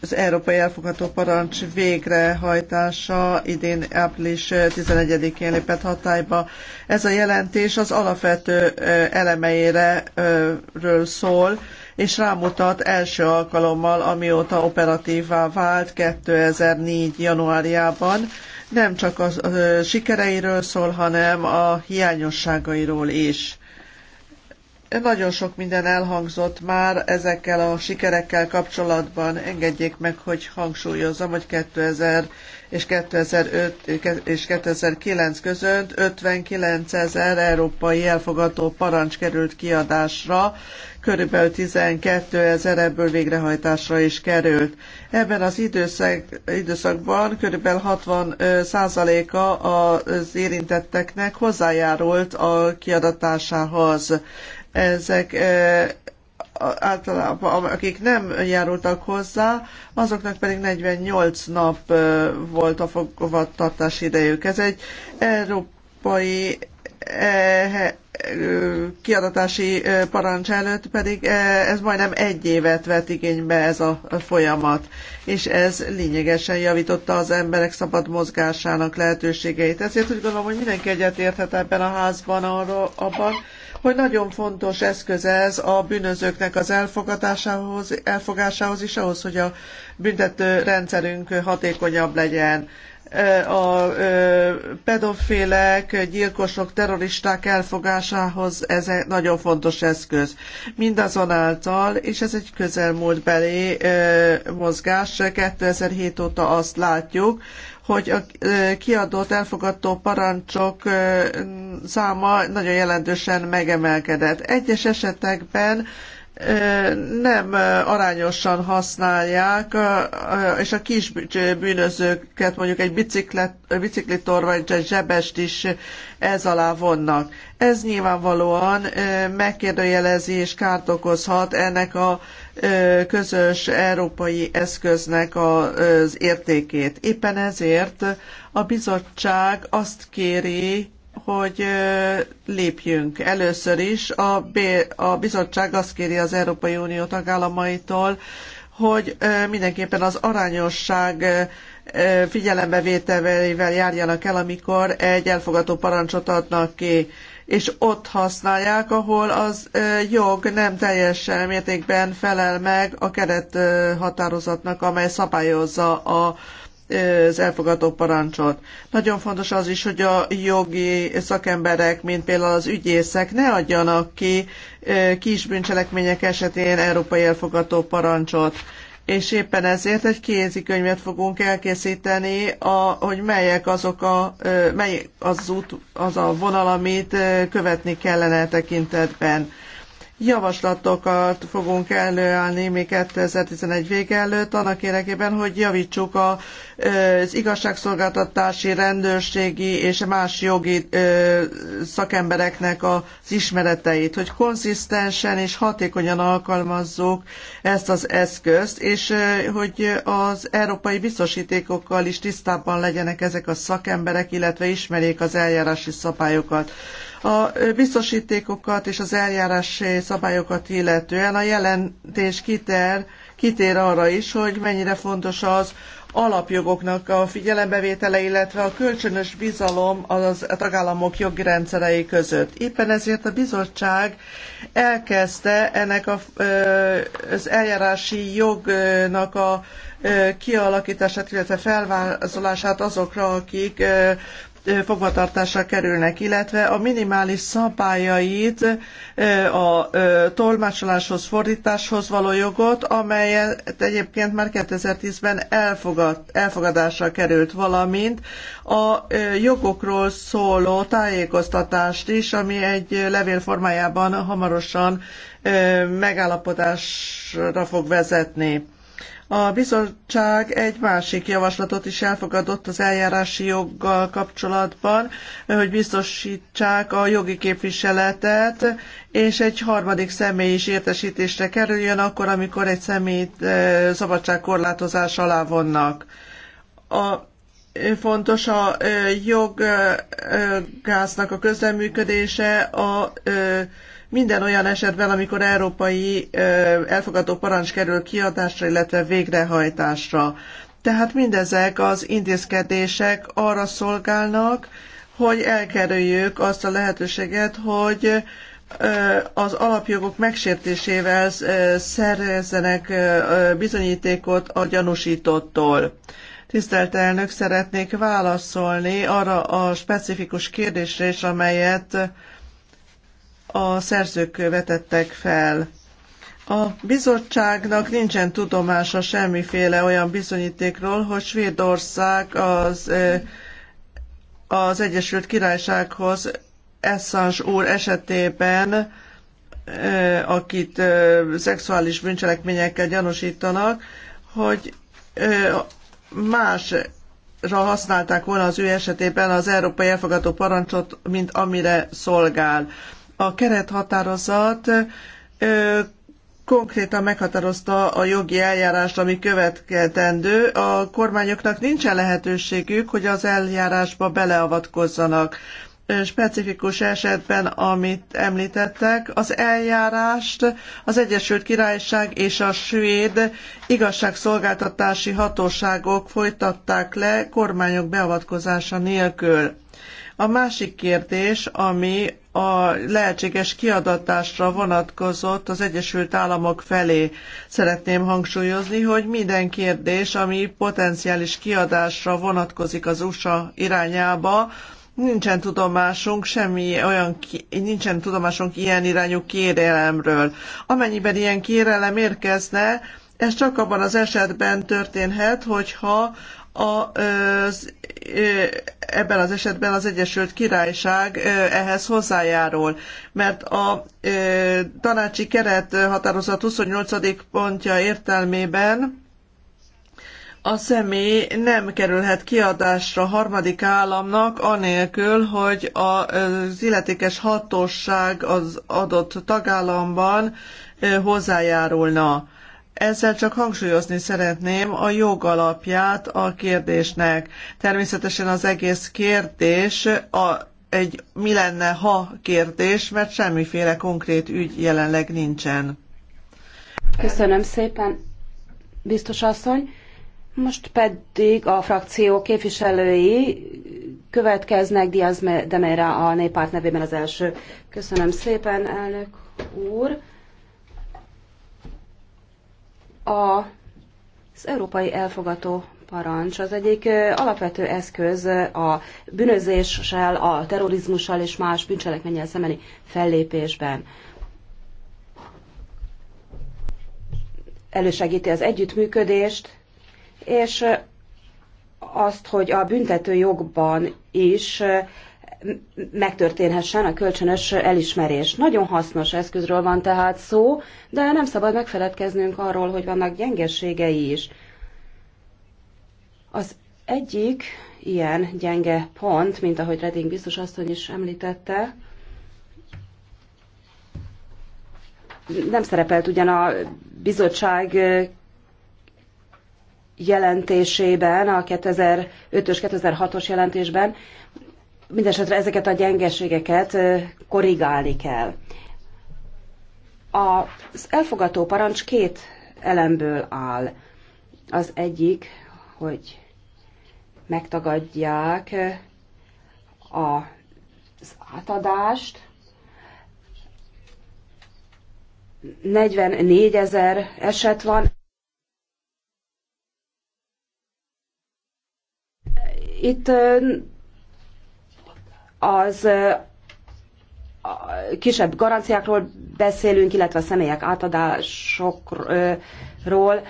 az Európai Elfogadó Parancs végrehajtása idén április 11-én lépett hatályba. Ez a jelentés az alapvető elemeire ről szól, és rámutat első alkalommal, amióta operatívvá vált 2004. januárjában, nem csak a sikereiről szól, hanem a hiányosságairól is nagyon sok minden elhangzott már ezekkel a sikerekkel kapcsolatban. Engedjék meg, hogy hangsúlyozzam, hogy 2000 és 2005 és 2009 között 59 ezer európai elfogadó parancs került kiadásra, körülbelül 12 ezer ebből végrehajtásra is került. Ebben az időszak, időszakban körülbelül 60 százaléka az érintetteknek hozzájárult a kiadatásához. Ezek általában, akik nem járultak hozzá, azoknak pedig 48 nap volt a fogvatartás idejük. Ez egy európai e, kiadatási parancs előtt pedig ez majdnem egy évet vett igénybe ez a folyamat, és ez lényegesen javította az emberek szabad mozgásának lehetőségeit. Ezért úgy gondolom, hogy mindenki egyetérthet ebben a házban arról, abban, hogy nagyon fontos eszköz ez a bűnözőknek az elfogadásához, elfogásához is, ahhoz, hogy a büntető rendszerünk hatékonyabb legyen a pedofilek, gyilkosok, terroristák elfogásához ez egy nagyon fontos eszköz. Mindazonáltal, és ez egy belé mozgás, 2007 óta azt látjuk, hogy a kiadott, elfogadó parancsok száma nagyon jelentősen megemelkedett. Egyes esetekben nem arányosan használják, és a kis bűnözőket mondjuk egy biciklitor vagy egy zsebest is ez alá vonnak. Ez nyilvánvalóan megkérdőjelezi és kárt okozhat ennek a közös európai eszköznek az értékét. Éppen ezért a bizottság azt kéri, hogy lépjünk. Először is a, B, a bizottság azt kéri az Európai Unió tagállamaitól, hogy mindenképpen az arányosság figyelembevételével járjanak el, amikor egy elfogadó parancsot adnak ki, és ott használják, ahol az jog nem teljesen mértékben felel meg a kerethatározatnak, amely szabályozza a az elfogadó parancsot. Nagyon fontos az is, hogy a jogi szakemberek, mint például az ügyészek ne adjanak ki kis bűncselekmények esetén európai elfogadó parancsot és éppen ezért egy kézikönyvet fogunk elkészíteni, a, hogy melyek azok a, mely az, út, az a vonal, amit követni kellene tekintetben javaslatokat fogunk előállni még 2011 vége előtt, annak érdekében, hogy javítsuk a, az igazságszolgáltatási, rendőrségi és más jogi szakembereknek az ismereteit, hogy konzisztensen és hatékonyan alkalmazzuk ezt az eszközt, és hogy az európai biztosítékokkal is tisztában legyenek ezek a szakemberek, illetve ismerjék az eljárási szabályokat. A biztosítékokat és az eljárási szabályokat illetően a jelentés kiter, kitér arra is, hogy mennyire fontos az alapjogoknak a figyelembevétele, illetve a kölcsönös bizalom az a tagállamok jogi rendszerei között. Éppen ezért a bizottság elkezdte ennek a, az eljárási jognak a kialakítását, illetve felvázolását azokra, akik fogvatartásra kerülnek, illetve a minimális szabályait a tolmácsoláshoz, fordításhoz való jogot, amelyet egyébként már 2010-ben elfogad, elfogadásra került, valamint a jogokról szóló tájékoztatást is, ami egy levél formájában hamarosan megállapodásra fog vezetni. A bizottság egy másik javaslatot is elfogadott az eljárási joggal kapcsolatban, hogy biztosítsák a jogi képviseletet, és egy harmadik személy is értesítésre kerüljön akkor, amikor egy személyt e, szabadságkorlátozás alá vonnak. A fontos a e, joggásznak a közleműködése, a e, minden olyan esetben, amikor európai elfogadó parancs kerül kiadásra, illetve végrehajtásra. Tehát mindezek az intézkedések arra szolgálnak, hogy elkerüljük azt a lehetőséget, hogy az alapjogok megsértésével szerezzenek bizonyítékot a gyanúsítottól. Tisztelt elnök, szeretnék válaszolni arra a specifikus kérdésre is, amelyet a szerzők vetettek fel. A bizottságnak nincsen tudomása semmiféle olyan bizonyítékról, hogy Svédország az, az Egyesült Királysághoz Assange úr esetében, akit szexuális bűncselekményekkel gyanúsítanak, hogy másra használták volna az ő esetében az európai elfogadó parancsot, mint amire szolgál. A kerethatározat konkrétan meghatározta a jogi eljárást, ami következendő. A kormányoknak nincsen lehetőségük, hogy az eljárásba beleavatkozzanak. Specifikus esetben, amit említettek, az eljárást az Egyesült Királyság és a svéd igazságszolgáltatási hatóságok folytatták le kormányok beavatkozása nélkül. A másik kérdés, ami a lehetséges kiadatásra vonatkozott az Egyesült Államok felé. Szeretném hangsúlyozni, hogy minden kérdés, ami potenciális kiadásra vonatkozik az USA irányába, nincsen tudomásunk semmi olyan, nincsen tudomásunk ilyen irányú kérelemről. Amennyiben ilyen kérelem érkezne, ez csak abban az esetben történhet, hogyha az ebben az esetben az Egyesült Királyság ehhez hozzájárul, mert a tanácsi keret határozat 28. pontja értelmében a személy nem kerülhet kiadásra harmadik államnak anélkül, hogy az illetékes hatóság az adott tagállamban hozzájárulna. Ezzel csak hangsúlyozni szeretném a jogalapját a kérdésnek. Természetesen az egész kérdés a, egy mi lenne ha kérdés, mert semmiféle konkrét ügy jelenleg nincsen. Köszönöm szépen, biztos asszony. Most pedig a frakció képviselői következnek Diaz de Mera a néppárt nevében az első. Köszönöm szépen, elnök úr. A az európai elfogató parancs az egyik alapvető eszköz a bűnözéssel, a terrorizmussal és más bűncselekménnyel szemeni fellépésben. Elősegíti az együttműködést, és azt, hogy a büntető jogban is megtörténhessen a kölcsönös elismerés. Nagyon hasznos eszközről van tehát szó, de nem szabad megfeledkeznünk arról, hogy vannak gyengeségei is. Az egyik ilyen gyenge pont, mint ahogy Reding biztos asszony is említette, nem szerepelt ugyan a bizottság jelentésében, a 2005-ös, 2006-os jelentésben, mindesetre ezeket a gyengeségeket korrigálni kell. Az elfogató parancs két elemből áll. Az egyik, hogy megtagadják az átadást, 44 ezer eset van. Itt az kisebb garanciákról beszélünk, illetve a személyek átadásokról,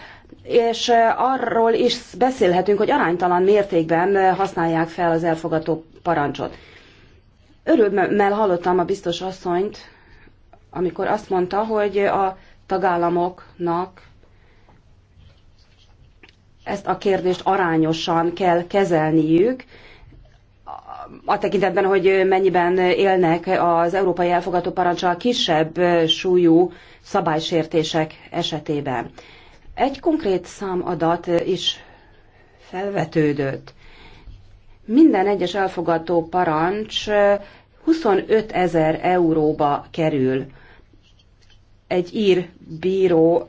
és arról is beszélhetünk, hogy aránytalan mértékben használják fel az elfogadó parancsot. Örülmel hallottam a biztos asszonyt, amikor azt mondta, hogy a tagállamoknak ezt a kérdést arányosan kell kezelniük, a tekintetben, hogy mennyiben élnek az európai elfogadó parancsal kisebb súlyú szabálysértések esetében. Egy konkrét számadat is felvetődött. Minden egyes elfogadó parancs 25 ezer euróba kerül. Egy ír bíró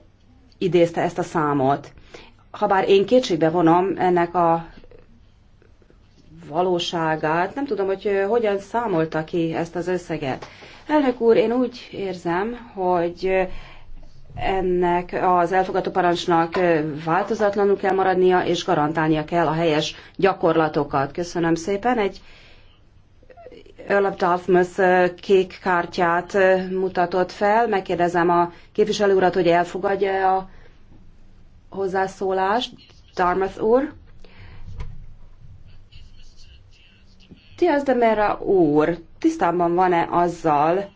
idézte ezt a számot. Habár én kétségbe vonom ennek a valóságát. Nem tudom, hogy eh, hogyan számolta ki ezt az összeget. Elnök úr, én úgy érzem, hogy eh, ennek az elfogadó parancsnak eh, változatlanul kell maradnia, és garantálnia kell a helyes gyakorlatokat. Köszönöm szépen. Egy Earl of Dartmouth kék kártyát mutatott fel. Megkérdezem a képviselő urat, hogy elfogadja a hozzászólást. Dartmouth úr. az de Mera úr tisztában van-e azzal,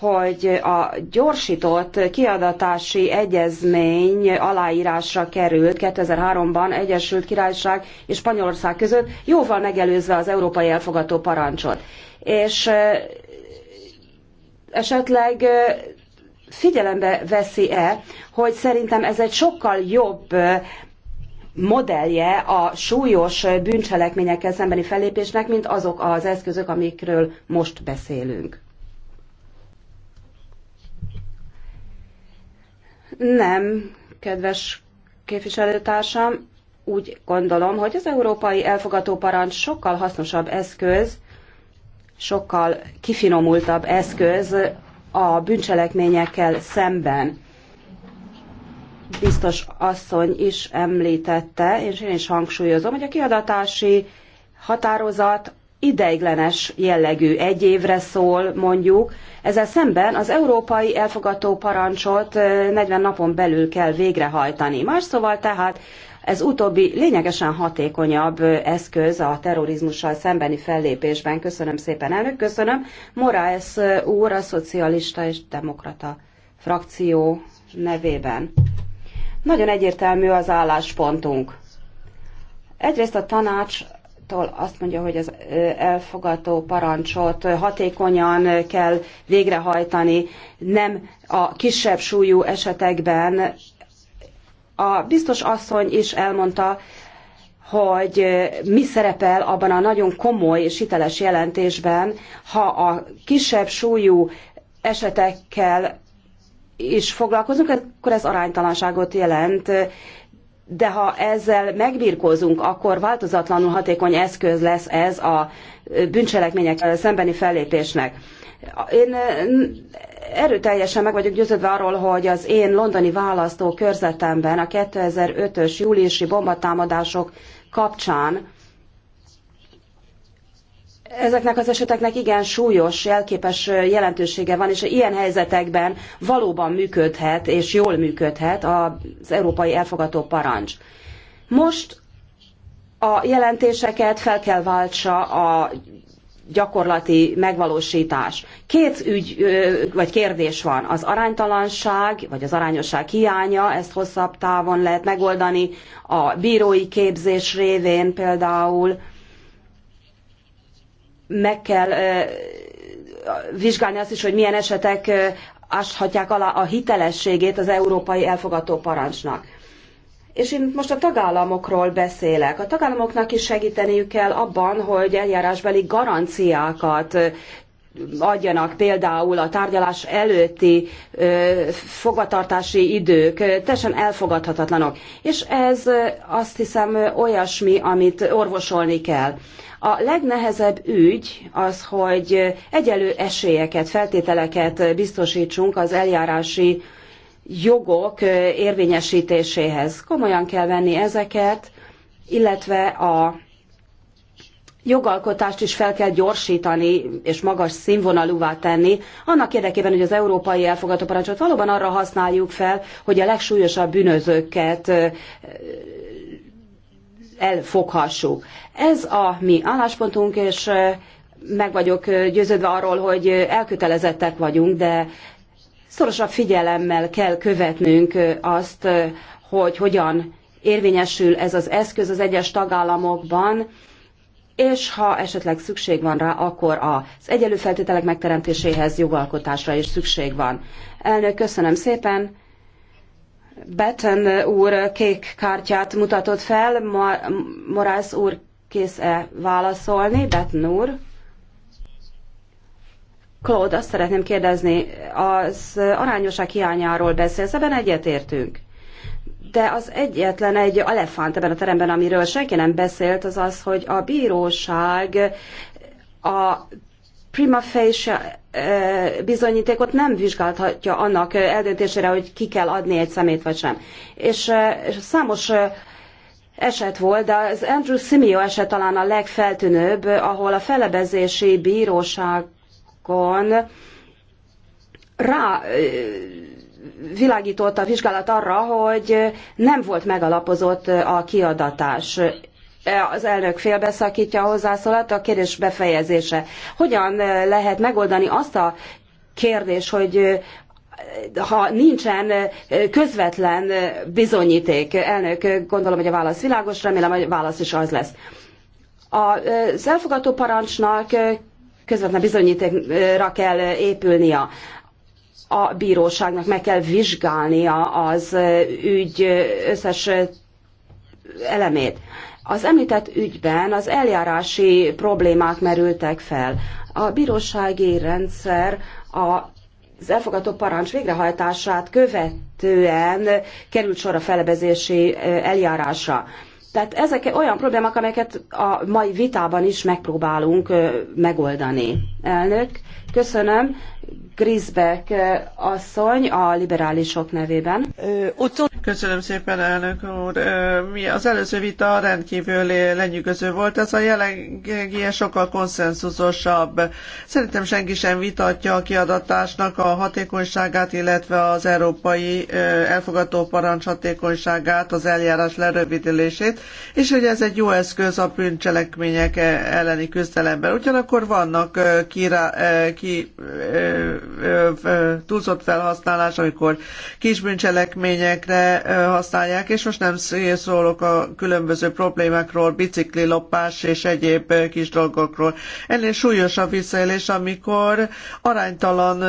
hogy a gyorsított kiadatási egyezmény aláírásra került 2003-ban Egyesült Királyság és Spanyolország között, jóval megelőzve az európai elfogató parancsot. És esetleg figyelembe veszi-e, hogy szerintem ez egy sokkal jobb modellje a súlyos bűncselekményekkel szembeni fellépésnek, mint azok az eszközök, amikről most beszélünk. Nem, kedves képviselőtársam, úgy gondolom, hogy az európai elfogató parancs sokkal hasznosabb eszköz, sokkal kifinomultabb eszköz a bűncselekményekkel szemben biztos asszony is említette, és én is hangsúlyozom, hogy a kiadatási határozat ideiglenes jellegű, egy évre szól mondjuk. Ezzel szemben az európai elfogató parancsot 40 napon belül kell végrehajtani. Más szóval tehát ez utóbbi lényegesen hatékonyabb eszköz a terrorizmussal szembeni fellépésben. Köszönöm szépen, elnök, köszönöm. Moraes úr, a szocialista és demokrata frakció nevében. Nagyon egyértelmű az álláspontunk. Egyrészt a tanács azt mondja, hogy az elfogadó parancsot hatékonyan kell végrehajtani, nem a kisebb súlyú esetekben. A biztos asszony is elmondta, hogy mi szerepel abban a nagyon komoly és hiteles jelentésben, ha a kisebb súlyú esetekkel is foglalkozunk, akkor ez aránytalanságot jelent, de ha ezzel megbirkózunk, akkor változatlanul hatékony eszköz lesz ez a bűncselekmények szembeni fellépésnek. Én eh, erőteljesen meg vagyok győződve arról, hogy az én londoni választó körzetemben a 2005-ös júliusi bombatámadások kapcsán Ezeknek az eseteknek igen súlyos, jelképes jelentősége van, és ilyen helyzetekben valóban működhet, és jól működhet az európai elfogató parancs. Most a jelentéseket fel kell váltsa a gyakorlati megvalósítás. Két ügy vagy kérdés van. Az aránytalanság, vagy az arányosság hiánya, ezt hosszabb távon lehet megoldani a bírói képzés révén például, meg kell vizsgálni azt is, hogy milyen esetek áshatják alá a hitelességét az európai elfogató parancsnak. És én most a tagállamokról beszélek. A tagállamoknak is segíteniük kell abban, hogy eljárásbeli garanciákat adjanak például a tárgyalás előtti fogvatartási idők teljesen elfogadhatatlanok. És ez azt hiszem olyasmi, amit orvosolni kell. A legnehezebb ügy az, hogy egyelő esélyeket, feltételeket biztosítsunk az eljárási jogok érvényesítéséhez. Komolyan kell venni ezeket, illetve a jogalkotást is fel kell gyorsítani és magas színvonalúvá tenni, annak érdekében, hogy az európai elfogadóparancsot parancsot valóban arra használjuk fel, hogy a legsúlyosabb bűnözőket elfoghassuk. Ez a mi álláspontunk, és meg vagyok győződve arról, hogy elkötelezettek vagyunk, de szorosabb figyelemmel kell követnünk azt, hogy hogyan érvényesül ez az eszköz az egyes tagállamokban, és ha esetleg szükség van rá, akkor az egyenlő feltételek megteremtéséhez jogalkotásra is szükség van. Elnök, köszönöm szépen! Betten úr kék kártyát mutatott fel, Morász úr kész-e válaszolni? Betten úr? Claude, azt szeretném kérdezni, az arányosság hiányáról beszélsz, ebben egyetértünk? de az egyetlen egy elefánt ebben a teremben, amiről senki nem beszélt, az az, hogy a bíróság a prima facie bizonyítékot nem vizsgálhatja annak eldöntésére, hogy ki kell adni egy szemét vagy sem. És számos eset volt, de az Andrew Simio eset talán a legfeltűnőbb, ahol a felebezési bíróságon rá világított a vizsgálat arra, hogy nem volt megalapozott a kiadatás. Az elnök félbeszakítja a hozzászólat, a kérdés befejezése. Hogyan lehet megoldani azt a kérdés, hogy ha nincsen közvetlen bizonyíték, elnök, gondolom, hogy a válasz világos, remélem, hogy a válasz is az lesz. Az elfogadó parancsnak közvetlen bizonyítékra kell épülnie a bíróságnak meg kell vizsgálnia az ügy összes elemét. Az említett ügyben az eljárási problémák merültek fel. A bírósági rendszer az elfogadó parancs végrehajtását követően került sor a felebezési eljárásra. Tehát ezek olyan problémák, amelyeket a mai vitában is megpróbálunk megoldani. Elnök, Köszönöm. Grisbeck eh, asszony a liberálisok nevében. Eh, Köszönöm szépen, elnök úr. Eh, mi az előző vita rendkívül lenyűgöző volt, ez a jelenlegi sokkal konszenzusosabb. Szerintem senki sem vitatja a kiadatásnak a hatékonyságát, illetve az európai elfogadó parancs hatékonyságát, az eljárás lerövidülését, és hogy ez egy jó eszköz a bűncselekmények e- elleni küzdelemben. Ugyanakkor vannak ki ö, ö, ö, túlzott felhasználás, amikor kis bűncselekményekre használják, és most nem szólok a különböző problémákról, lopás és egyéb kis dolgokról. Ennél súlyosabb visszaélés, amikor aránytalan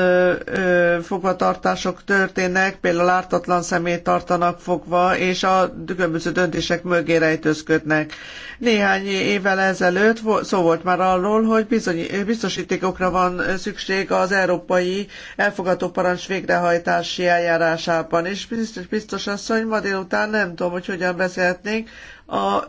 fogvatartások történnek, például ártatlan szemét tartanak fogva, és a különböző döntések mögé rejtőzködnek. Néhány évvel ezelőtt szó volt már arról, hogy bizony, biztosítékokra van szükség az európai elfogadó parancs végrehajtási eljárásában. is. biztos, biztos asszony, ma délután nem tudom, hogy hogyan beszélhetnénk, a,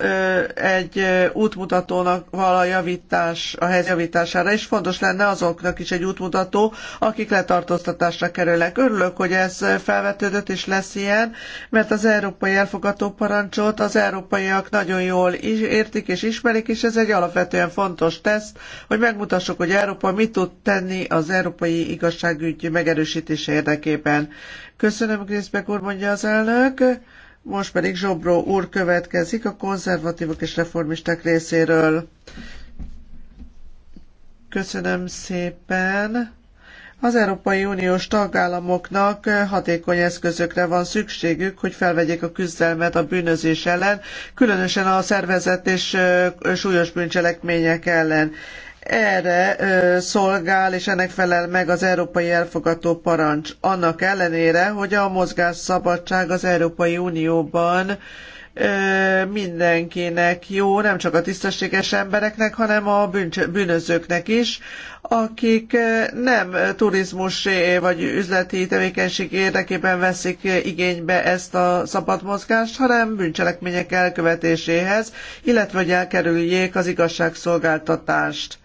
egy útmutatónak vala javítás, a helyzet javítására, és fontos lenne azoknak is egy útmutató, akik letartóztatásra kerülnek. Örülök, hogy ez felvetődött, és lesz ilyen, mert az európai elfogató parancsot az európaiak nagyon jól értik és ismerik, és ez egy alapvetően fontos teszt, hogy megmutassuk, hogy Európa mit tud tenni az európai igazságügy megerősítése érdekében. Köszönöm, Griszbek úr, mondja az elnök. Most pedig Zsobró úr következik a konzervatívok és reformisták részéről. Köszönöm szépen. Az Európai Uniós tagállamoknak hatékony eszközökre van szükségük, hogy felvegyék a küzdelmet a bűnözés ellen, különösen a szervezett és súlyos bűncselekmények ellen erre szolgál, és ennek felel meg az Európai Elfogató Parancs. Annak ellenére, hogy a mozgásszabadság az Európai Unióban mindenkinek jó, nem csak a tisztességes embereknek, hanem a bűnözőknek is, akik nem turizmus vagy üzleti tevékenység érdekében veszik igénybe ezt a szabad mozgást, hanem bűncselekmények elkövetéséhez, illetve hogy elkerüljék az igazságszolgáltatást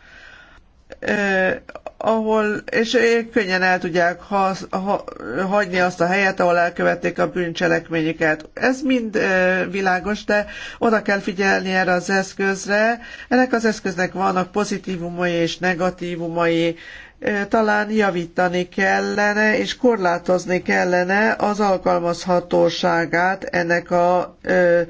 ahol, és könnyen el tudják ha ha, hagyni azt a helyet, ahol elkövették a bűncselekményüket. Ez mind eh, világos, de oda kell figyelni erre az eszközre. Ennek az eszköznek vannak pozitívumai és negatívumai. talán javítani kellene, és korlátozni kellene az alkalmazhatóságát ennek a ö,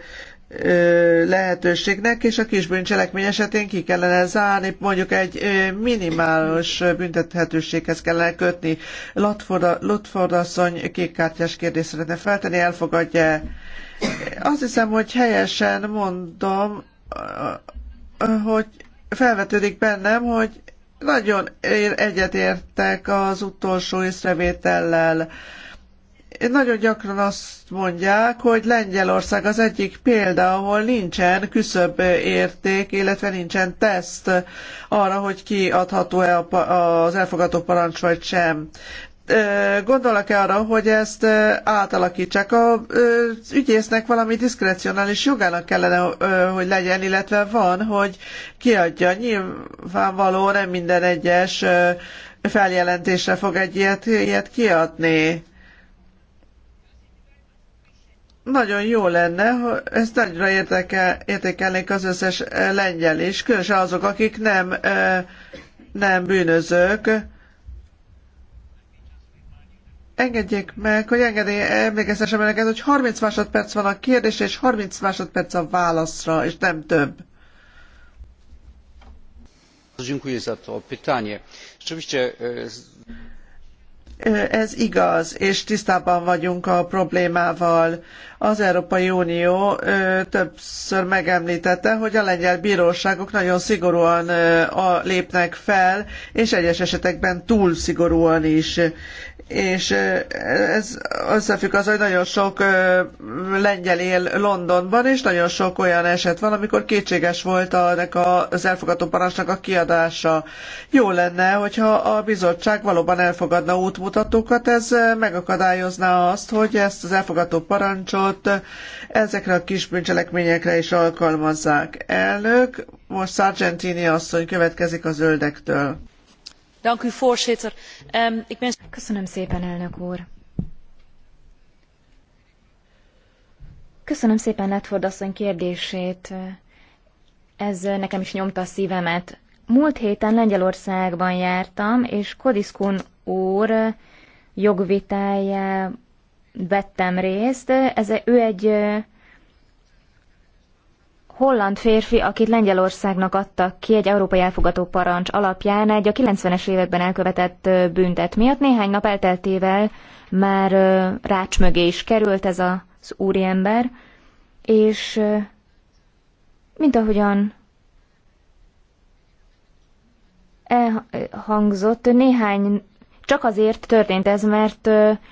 lehetőségnek, és a kis bűncselekmény esetén ki kellene zárni, mondjuk egy minimális büntethetőséghez kellene kötni. Lotford, asszony kékkártyás kérdést szeretne feltenni, elfogadja Azt hiszem, hogy helyesen mondom, hogy felvetődik bennem, hogy nagyon egyetértek az utolsó észrevétellel, nagyon gyakran azt mondják, hogy Lengyelország az egyik példa, ahol nincsen küszöbb érték, illetve nincsen teszt arra, hogy kiadható-e az elfogadó parancs vagy sem gondolnak-e arra, hogy ezt átalakítsák? Az ügyésznek valami diszkrecionális jogának kellene, hogy legyen, illetve van, hogy kiadja. Nyilvánvaló nem minden egyes feljelentésre fog egy ilyet, ilyet kiadni nagyon jó lenne, ha ezt nagyra érdekel, értékelnék az összes lengyel is, különösen azok, akik nem, nem bűnözők. Engedjék meg, hogy engedély, emlékeztessem önöket, hogy 30 másodperc van a kérdés, és 30 másodperc a válaszra, és nem több. Dziękuję za to pytanie. Rzeczywiście e, ez igaz, és tisztában vagyunk a problémával. Az Európai Unió többször megemlítette, hogy a lengyel bíróságok nagyon szigorúan lépnek fel, és egyes esetekben túl szigorúan is és ez összefügg az, hogy nagyon sok lengyel él Londonban, és nagyon sok olyan eset van, amikor kétséges volt ennek az elfogadó parancsnak a kiadása. Jó lenne, hogyha a bizottság valóban elfogadna útmutatókat, ez megakadályozná azt, hogy ezt az elfogadó parancsot ezekre a kis bűncselekményekre is alkalmazzák. Elnök, most Sargentini asszony következik a zöldektől. Ehm, köszönöm szépen ludford köszönöm szépen asszony kérdését ez eh, nekem is nyomta a szívemet múlt héten lengyelországban jártam és kodiszkun úr eh, jogvitájában vettem részt. Ez, eh, ő egy holland férfi, akit Lengyelországnak adtak ki egy európai elfogató parancs alapján egy a 90-es években elkövetett büntet miatt. Néhány nap elteltével már rács mögé is került ez az úriember, és mint ahogyan elhangzott, néhány csak azért történt ez, mert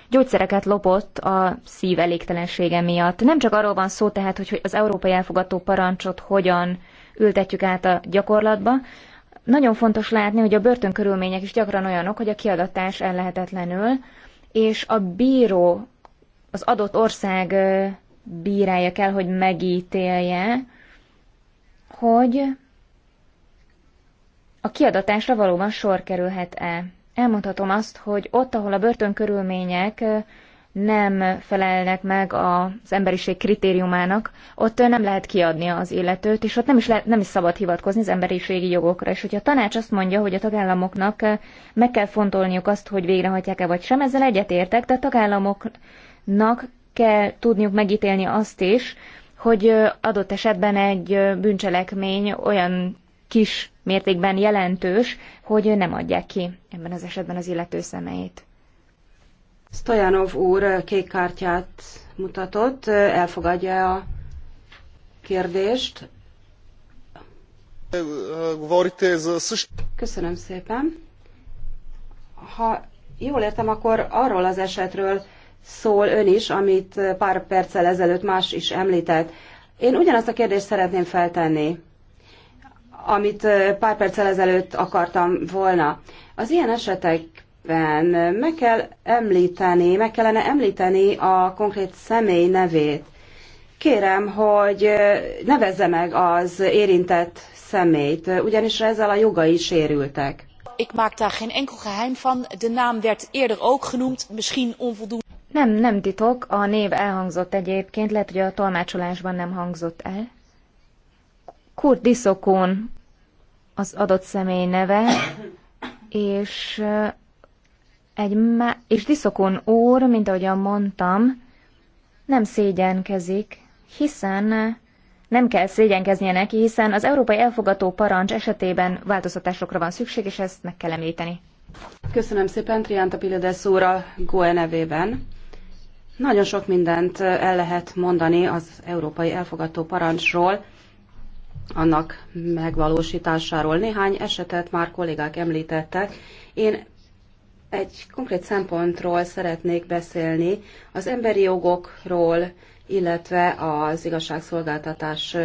gyógyszereket lopott a szív elégtelensége miatt. Nem csak arról van szó tehát, hogy az európai elfogató parancsot hogyan ültetjük át a gyakorlatba, nagyon fontos látni, hogy a börtönkörülmények is gyakran olyanok, hogy a kiadatás ellehetetlenül, és a bíró, az adott ország bírája kell, hogy megítélje, hogy a kiadatásra valóban sor kerülhet-e elmondhatom azt, hogy ott, ahol a börtönkörülmények nem felelnek meg az emberiség kritériumának, ott nem lehet kiadni az illetőt, és ott nem is, lehet, nem is szabad hivatkozni az emberiségi jogokra. És hogyha a tanács azt mondja, hogy a tagállamoknak meg kell fontolniuk azt, hogy végrehajtják-e vagy sem, ezzel egyetértek, de a tagállamoknak kell tudniuk megítélni azt is, hogy adott esetben egy bűncselekmény olyan kis mértékben jelentős, hogy nem adják ki ebben az esetben az illető személyét. Stojanov úr kék kártyát mutatott, elfogadja a kérdést. Köszönöm szépen. Ha jól értem, akkor arról az esetről szól ön is, amit pár perccel ezelőtt más is említett. Én ugyanazt a kérdést szeretném feltenni amit pár perccel ezelőtt akartam volna. Az ilyen esetekben meg kell említeni, meg kellene említeni a konkrét személy nevét. Kérem, hogy nevezze meg az érintett személyt, ugyanis ezzel a jogai sérültek. Ik maak daar geen enkel geheim van. De naam werd eerder ook genoemd, misschien onvoldoende. Nem, nem titok. A név elhangzott egyébként, lehet, hogy a tolmácsolásban nem hangzott el. Kurt Diszokón az adott személy neve, és egy má- és Diszokon úr, mint ahogyan mondtam, nem szégyenkezik, hiszen nem kell szégyenkeznie neki, hiszen az európai elfogató parancs esetében változtatásokra van szükség, és ezt meg kell említeni. Köszönöm szépen Trianta Piledes úr a GOE nevében. Nagyon sok mindent el lehet mondani az európai elfogató parancsról, annak megvalósításáról. Néhány esetet már kollégák említettek. Én egy konkrét szempontról szeretnék beszélni, az emberi jogokról, illetve az igazságszolgáltatás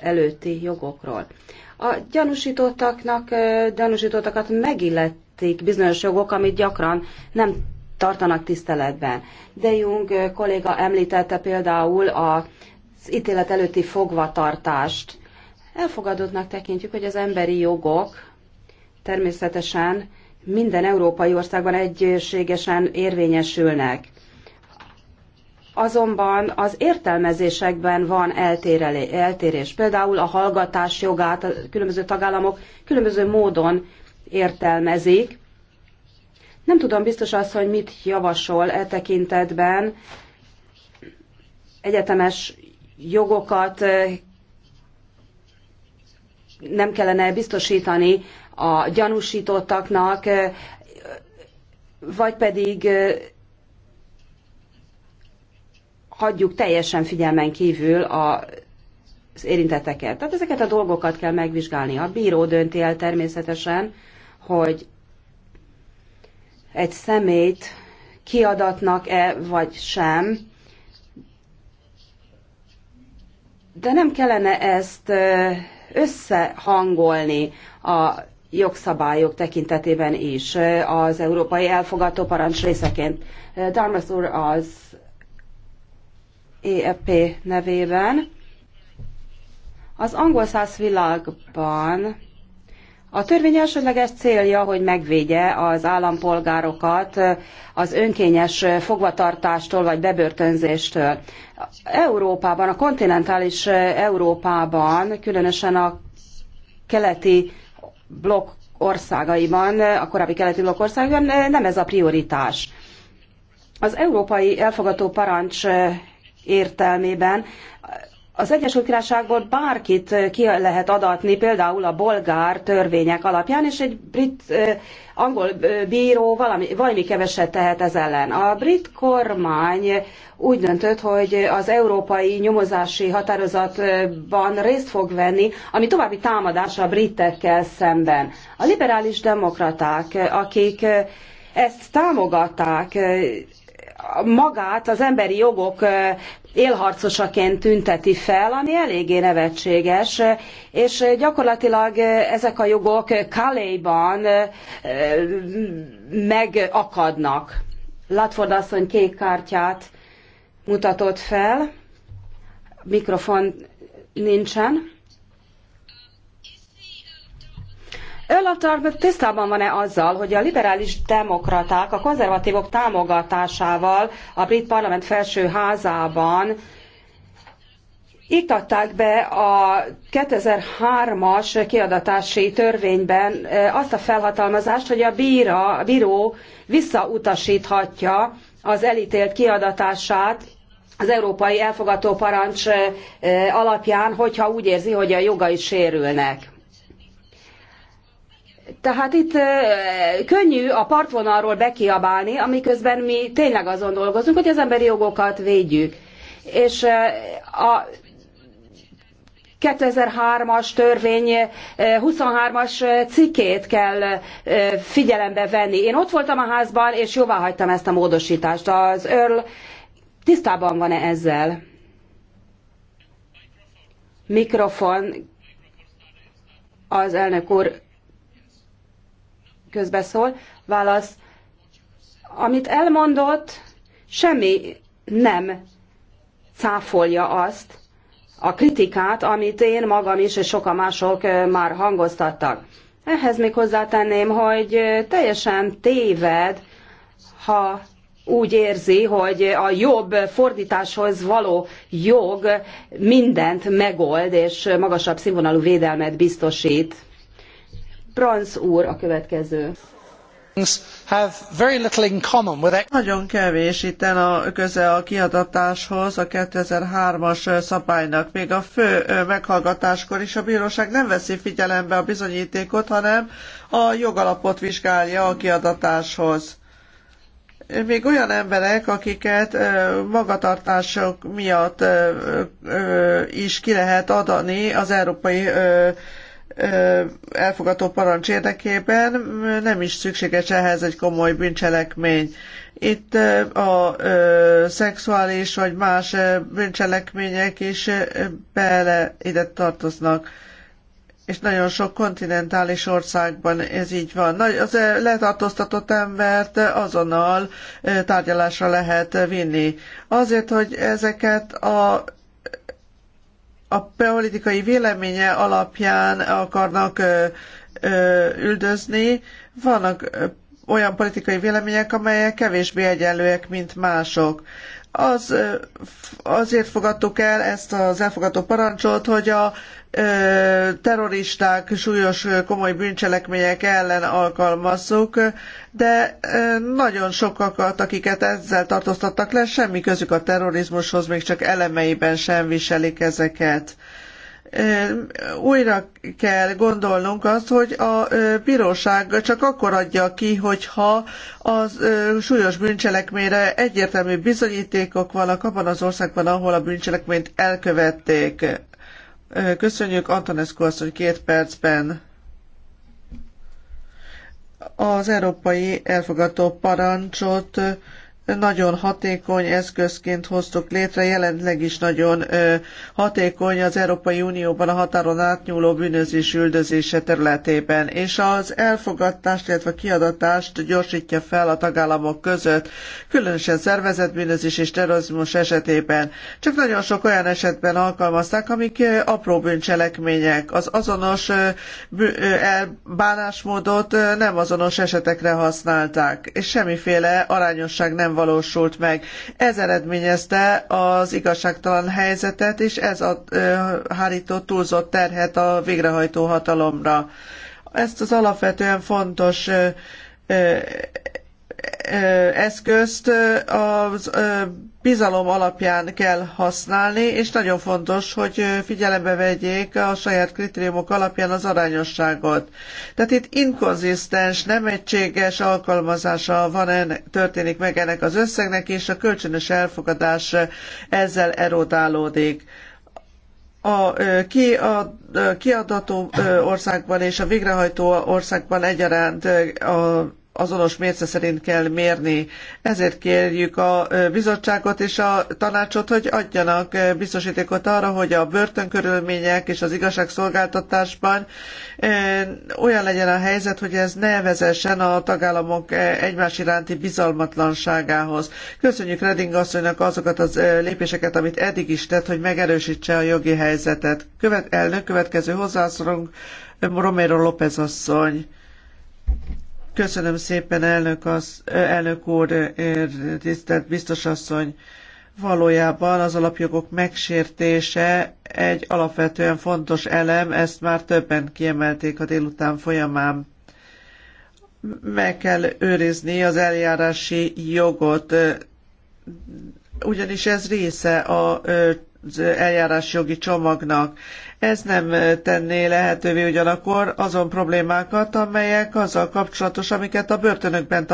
előtti jogokról. A gyanúsítottaknak, gyanúsítottakat megillették bizonyos jogok, amit gyakran nem tartanak tiszteletben. De Jung kolléga említette például az ítélet előtti fogvatartást, Elfogadottnak tekintjük, hogy az emberi jogok természetesen minden európai országban egységesen érvényesülnek. Azonban az értelmezésekben van eltérés. Például a hallgatás jogát a különböző tagállamok különböző módon értelmezik. Nem tudom biztos azt, hogy mit javasol e tekintetben. Egyetemes jogokat nem kellene biztosítani a gyanúsítottaknak, vagy pedig hagyjuk teljesen figyelmen kívül a az érintetteket. Tehát ezeket a dolgokat kell megvizsgálni. A bíró dönti el természetesen, hogy egy szemét kiadatnak-e vagy sem, de nem kellene ezt összehangolni a jogszabályok tekintetében is az európai elfogadó parancs részeként. Darmas úr az EFP nevében. Az angol száz világban a törvény elsődleges célja, hogy megvédje az állampolgárokat az önkényes fogvatartástól vagy bebörtönzéstől. Európában, a kontinentális Európában, különösen a keleti blokk országaiban, a korábbi keleti blokk országaiban nem ez a prioritás. Az európai elfogató parancs értelmében az Egyesült Királyságból bárkit ki lehet adatni, például a bolgár törvények alapján, és egy brit, angol bíró valami, valami keveset tehet ez ellen. A brit kormány úgy döntött, hogy az európai nyomozási határozatban részt fog venni, ami további támadás a britekkel szemben. A liberális demokraták, akik ezt támogatták, magát az emberi jogok élharcosaként tünteti fel, ami eléggé nevetséges, és gyakorlatilag ezek a jogok Kaléban megakadnak. Latford asszony kék kártyát mutatott fel, mikrofon nincsen. Önlaptár tisztában van-e azzal, hogy a liberális demokraták a konzervatívok támogatásával a brit parlament felső házában iktatták be a 2003-as kiadatási törvényben azt a felhatalmazást, hogy a, bíra, a bíró visszautasíthatja az elítélt kiadatását az európai elfogató parancs alapján, hogyha úgy érzi, hogy a jogai sérülnek. Tehát itt könnyű a partvonalról bekiabálni, amiközben mi tényleg azon dolgozunk, hogy az emberi jogokat védjük. És a 2003-as törvény 23-as cikkét kell figyelembe venni. Én ott voltam a házban, és jóvá hagytam ezt a módosítást. Az Earl tisztában van-e ezzel? Mikrofon az elnök úr közbeszól. Válasz, amit elmondott, semmi nem cáfolja azt, a kritikát, amit én magam is és sokan mások már hangoztattak. Ehhez még hozzátenném, hogy teljesen téved, ha úgy érzi, hogy a jobb fordításhoz való jog mindent megold, és magasabb színvonalú védelmet biztosít Brands úr a következő. Have very little in common with... Nagyon kevés itten a köze a kiadatáshoz, a 2003-as szabálynak. Még a fő meghallgatáskor is a bíróság nem veszi figyelembe a bizonyítékot, hanem a jogalapot vizsgálja a kiadatáshoz még olyan emberek, akiket magatartások miatt is ki lehet adani az európai elfogadó parancs érdekében nem is szükséges ehhez egy komoly bűncselekmény. Itt a szexuális vagy más bűncselekmények is bele ide tartoznak és nagyon sok kontinentális országban ez így van. a az letartóztatott embert azonnal tárgyalásra lehet vinni. Azért, hogy ezeket a a politikai véleménye alapján akarnak üldözni. Vannak olyan politikai vélemények, amelyek kevésbé egyenlőek, mint mások. Az, azért fogadtuk el ezt az elfogadó parancsot, hogy a terroristák súlyos komoly bűncselekmények ellen alkalmazzuk, de nagyon sokakat, akiket ezzel tartóztattak le, semmi közük a terrorizmushoz, még csak elemeiben sem viselik ezeket újra kell gondolnunk azt, hogy a bíróság csak akkor adja ki, hogyha a súlyos bűncselekményre egyértelmű bizonyítékok vannak abban az országban, ahol a bűncselekményt elkövették. Köszönjük Antonescu azt, hogy két percben az európai elfogadó parancsot nagyon hatékony eszközként hoztuk létre, jelenleg is nagyon hatékony az Európai Unióban a határon átnyúló bűnözés üldözése területében, és az elfogadtást, illetve kiadatást gyorsítja fel a tagállamok között, különösen szervezetbűnözés és terrorizmus esetében. Csak nagyon sok olyan esetben alkalmazták, amik apró bűncselekmények. Az azonos bánásmódot nem azonos esetekre használták, és semmiféle arányosság nem valósult meg. Ez eredményezte az igazságtalan helyzetet, és ez a, hárító túlzott terhet a végrehajtó hatalomra. Ezt az alapvetően fontos eszközt az bizalom alapján kell használni, és nagyon fontos, hogy figyelembe vegyék a saját kritériumok alapján az arányosságot. Tehát itt inkonzisztens, nem egységes alkalmazása van ennek, történik meg ennek az összegnek, és a kölcsönös elfogadás ezzel erodálódik a kiadató országban és a végrehajtó országban egyaránt a azonos mérce szerint kell mérni. Ezért kérjük a bizottságot és a tanácsot, hogy adjanak biztosítékot arra, hogy a börtönkörülmények és az igazságszolgáltatásban olyan legyen a helyzet, hogy ez ne vezessen a tagállamok egymás iránti bizalmatlanságához. Köszönjük Reding asszonynak azokat az lépéseket, amit eddig is tett, hogy megerősítse a jogi helyzetet. Követ, elnök, következő hozzászólunk Romero López asszony. Köszönöm szépen, elnök, az, elnök úr, eh, tisztelt biztos asszony. Valójában az alapjogok megsértése egy alapvetően fontos elem, ezt már többen kiemelték a délután folyamán meg kell őrizni az eljárási jogot, eh, ugyanis ez része eh, az eljárásjogi csomagnak. Ez nem tenné lehetővé ugyanakkor azon problémákat, amelyek azzal kapcsolatos, amiket a börtönökben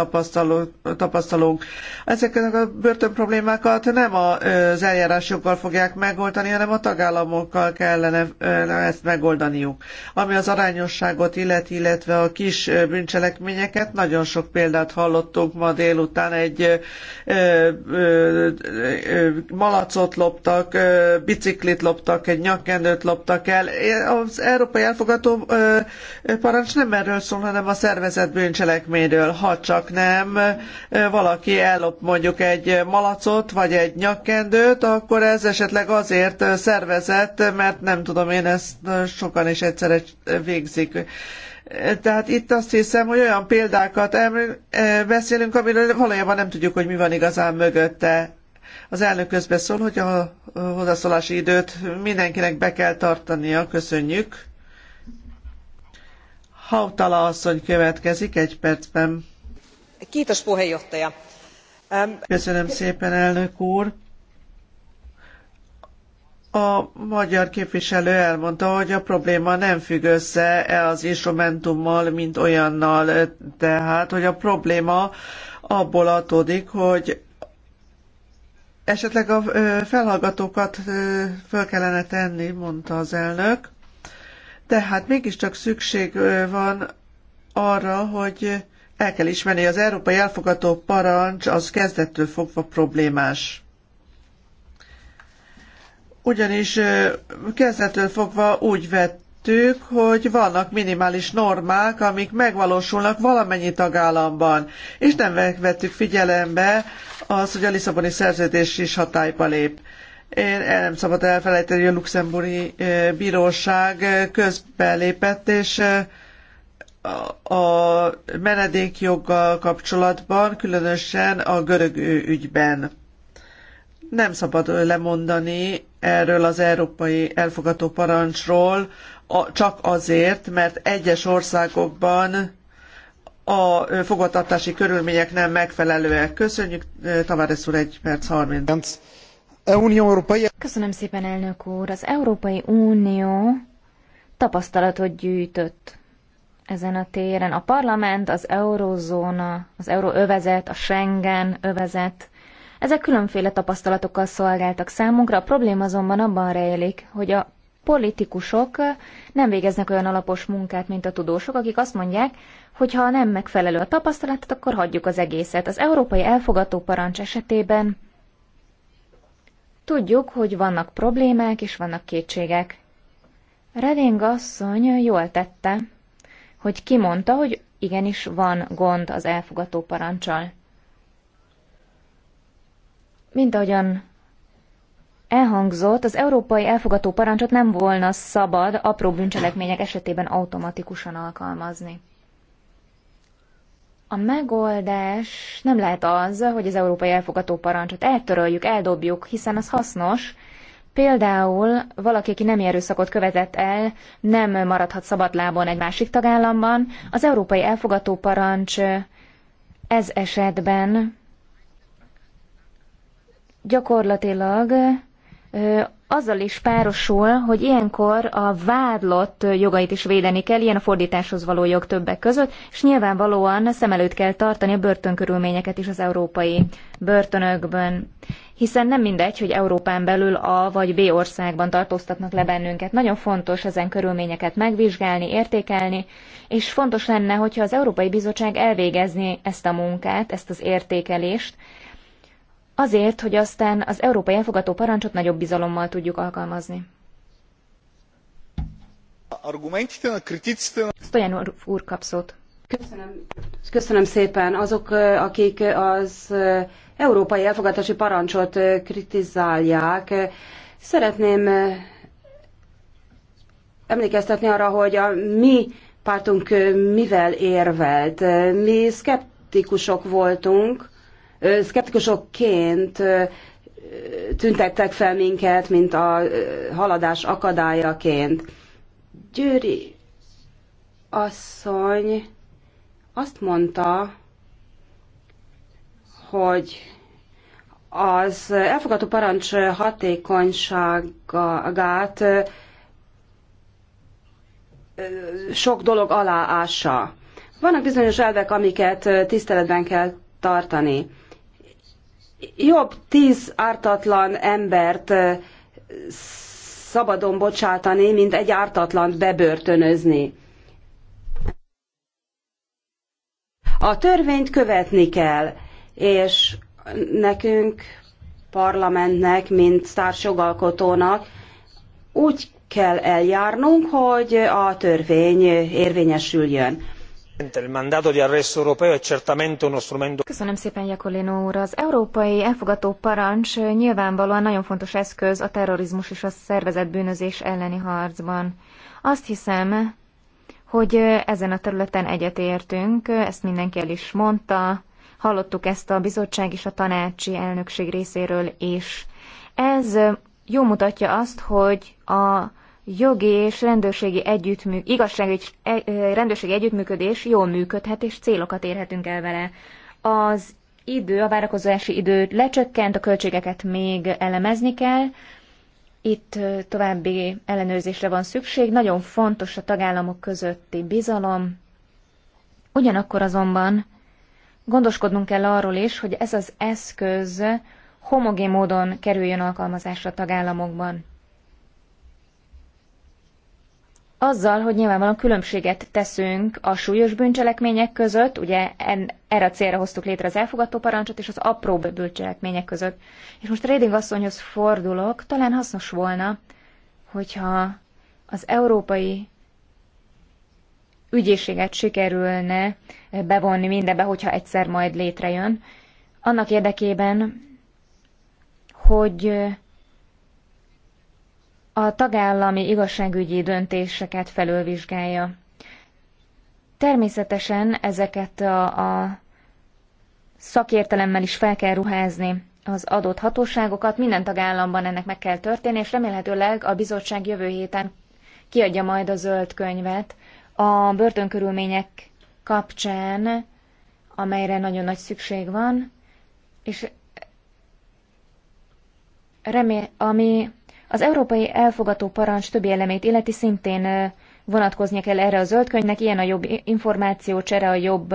tapasztalunk. Ezeknek a börtön problémákat nem az eljárásokkal fogják megoldani, hanem a tagállamokkal kellene ezt megoldaniuk. Ami az arányosságot illeti, illetve a kis bűncselekményeket, nagyon sok példát hallottunk ma délután, egy malacot loptak, biciklit loptak, egy nyakkendőt loptak, fogadtak el. Az európai elfogadó parancs nem erről szól, hanem a szervezet bűncselekményről, ha csak nem valaki ellop mondjuk egy malacot vagy egy nyakkendőt, akkor ez esetleg azért szervezett, mert nem tudom én, ezt sokan is egyszerre végzik. Tehát itt azt hiszem, hogy olyan példákat beszélünk, amiről valójában nem tudjuk, hogy mi van igazán mögötte. Az elnök közbeszól, hogy a hozzászólási időt mindenkinek be kell tartania. Köszönjük. Hautala asszony következik egy percben. Kiitos Köszönöm szépen, elnök úr. A magyar képviselő elmondta, hogy a probléma nem függ össze e az instrumentummal, mint olyannal, tehát, hogy a probléma abból adódik, hogy Esetleg a felhallgatókat föl kellene tenni, mondta az elnök. Tehát mégiscsak szükség van arra, hogy el kell ismerni, az európai elfogadó parancs az kezdettől fogva problémás ugyanis kezdetől fogva úgy vettük, hogy vannak minimális normák, amik megvalósulnak valamennyi tagállamban, és nem vettük figyelembe az, hogy a Lisszaboni szerződés is hatályba lép. Én el nem szabad elfelejteni, hogy a luxemburgi bíróság közbelépett, és a menedékjoggal kapcsolatban, különösen a görög ügyben. Nem szabad lemondani erről az európai elfogató parancsról, csak azért, mert egyes országokban a fogvatartási körülmények nem megfelelőek. Köszönjük, Tavares úr, egy perc 30. Köszönöm szépen, elnök úr. Az Európai Unió tapasztalatot gyűjtött ezen a téren. A parlament, az eurozóna, az euróövezet, a Schengen övezet, ezek különféle tapasztalatokkal szolgáltak számunkra. A probléma azonban abban rejlik, hogy a politikusok nem végeznek olyan alapos munkát, mint a tudósok, akik azt mondják, hogyha nem megfelelő a tapasztalat, akkor hagyjuk az egészet. Az európai elfogató parancs esetében tudjuk, hogy vannak problémák és vannak kétségek. Reding asszony jól tette, hogy kimondta, hogy igenis van gond az elfogató parancsal. Mint ahogyan elhangzott, az európai elfogató parancsot nem volna szabad apró bűncselekmények esetében automatikusan alkalmazni. A megoldás nem lehet az, hogy az európai elfogató parancsot eltöröljük, eldobjuk, hiszen az hasznos. Például valaki, aki nem erőszakot követett el, nem maradhat szabadlábon egy másik tagállamban. Az európai elfogató parancs ez esetben gyakorlatilag azzal is párosul, hogy ilyenkor a vádlott jogait is védeni kell, ilyen a fordításhoz való jog többek között, és nyilvánvalóan szem előtt kell tartani a börtönkörülményeket is az európai börtönökben. Hiszen nem mindegy, hogy Európán belül A vagy B országban tartóztatnak le bennünket. Nagyon fontos ezen körülményeket megvizsgálni, értékelni, és fontos lenne, hogyha az Európai Bizottság elvégezni ezt a munkát, ezt az értékelést, azért, hogy aztán az európai elfogató parancsot nagyobb bizalommal tudjuk alkalmazni. Stojan úr kap szót. Köszönöm. Köszönöm szépen. Azok, akik az európai elfogadási parancsot kritizálják, szeretném emlékeztetni arra, hogy a mi pártunk mivel érvelt. Mi szkeptikusok voltunk, Szkeptikusokként tüntettek fel minket, mint a haladás akadályaként. Győri asszony azt mondta, hogy az elfogadó parancs hatékonyságát sok dolog alá ássa. Vannak bizonyos elvek, amiket tiszteletben kell tartani jobb tíz ártatlan embert szabadon bocsátani, mint egy ártatlant bebörtönözni. A törvényt követni kell, és nekünk, parlamentnek, mint társjogalkotónak úgy kell eljárnunk, hogy a törvény érvényesüljön. Köszönöm szépen, Jakolino úr. Az európai elfogató parancs nyilvánvalóan nagyon fontos eszköz a terrorizmus és a szervezett bűnözés elleni harcban. Azt hiszem, hogy ezen a területen egyetértünk, ezt mindenki el is mondta, hallottuk ezt a bizottság és a tanácsi elnökség részéről is. Ez jó mutatja azt, hogy a jogi és rendőrségi, együttmű, igazságügy, e, rendőrségi együttműködés jól működhet, és célokat érhetünk el vele. Az idő, a várakozási idő lecsökkent, a költségeket még elemezni kell, itt további ellenőrzésre van szükség, nagyon fontos a tagállamok közötti bizalom, ugyanakkor azonban gondoskodnunk kell arról is, hogy ez az eszköz homogén módon kerüljön alkalmazásra a tagállamokban. azzal, hogy nyilvánvalóan különbséget teszünk a súlyos bűncselekmények között, ugye en, erre a célra hoztuk létre az elfogadó parancsot, és az apróbb bűncselekmények között. És most Reding asszonyhoz fordulok, talán hasznos volna, hogyha az európai ügyészséget sikerülne bevonni mindebe, hogyha egyszer majd létrejön, annak érdekében, hogy a tagállami igazságügyi döntéseket felülvizsgálja. Természetesen ezeket a, a szakértelemmel is fel kell ruházni az adott hatóságokat, minden tagállamban ennek meg kell történni, és remélhetőleg a bizottság jövő héten kiadja majd a zöld könyvet a börtönkörülmények kapcsán, amelyre nagyon nagy szükség van, és remél, ami az európai elfogató parancs többi elemét illeti szintén vonatkoznia kell erre a zöldkönyvnek, ilyen a jobb információ, csere a jobb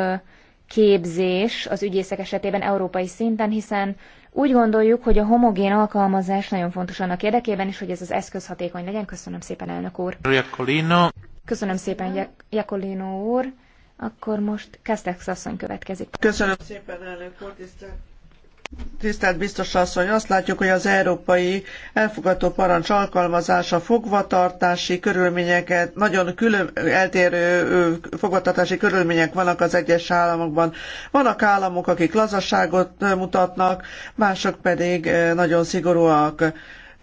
képzés az ügyészek esetében európai szinten, hiszen úgy gondoljuk, hogy a homogén alkalmazás nagyon fontos annak érdekében is, hogy ez az eszköz hatékony legyen. Köszönöm szépen, elnök úr. Jacolino. Köszönöm szépen, Jakolino úr. Akkor most Kastex asszony következik. Köszönöm szépen, elnök úr, tisztelt Tisztelt biztos asszony, azt látjuk, hogy az európai elfogadó parancs alkalmazása fogvatartási körülményeket, nagyon külön, eltérő fogvatartási körülmények vannak az egyes államokban. Vannak államok, akik lazaságot mutatnak, mások pedig nagyon szigorúak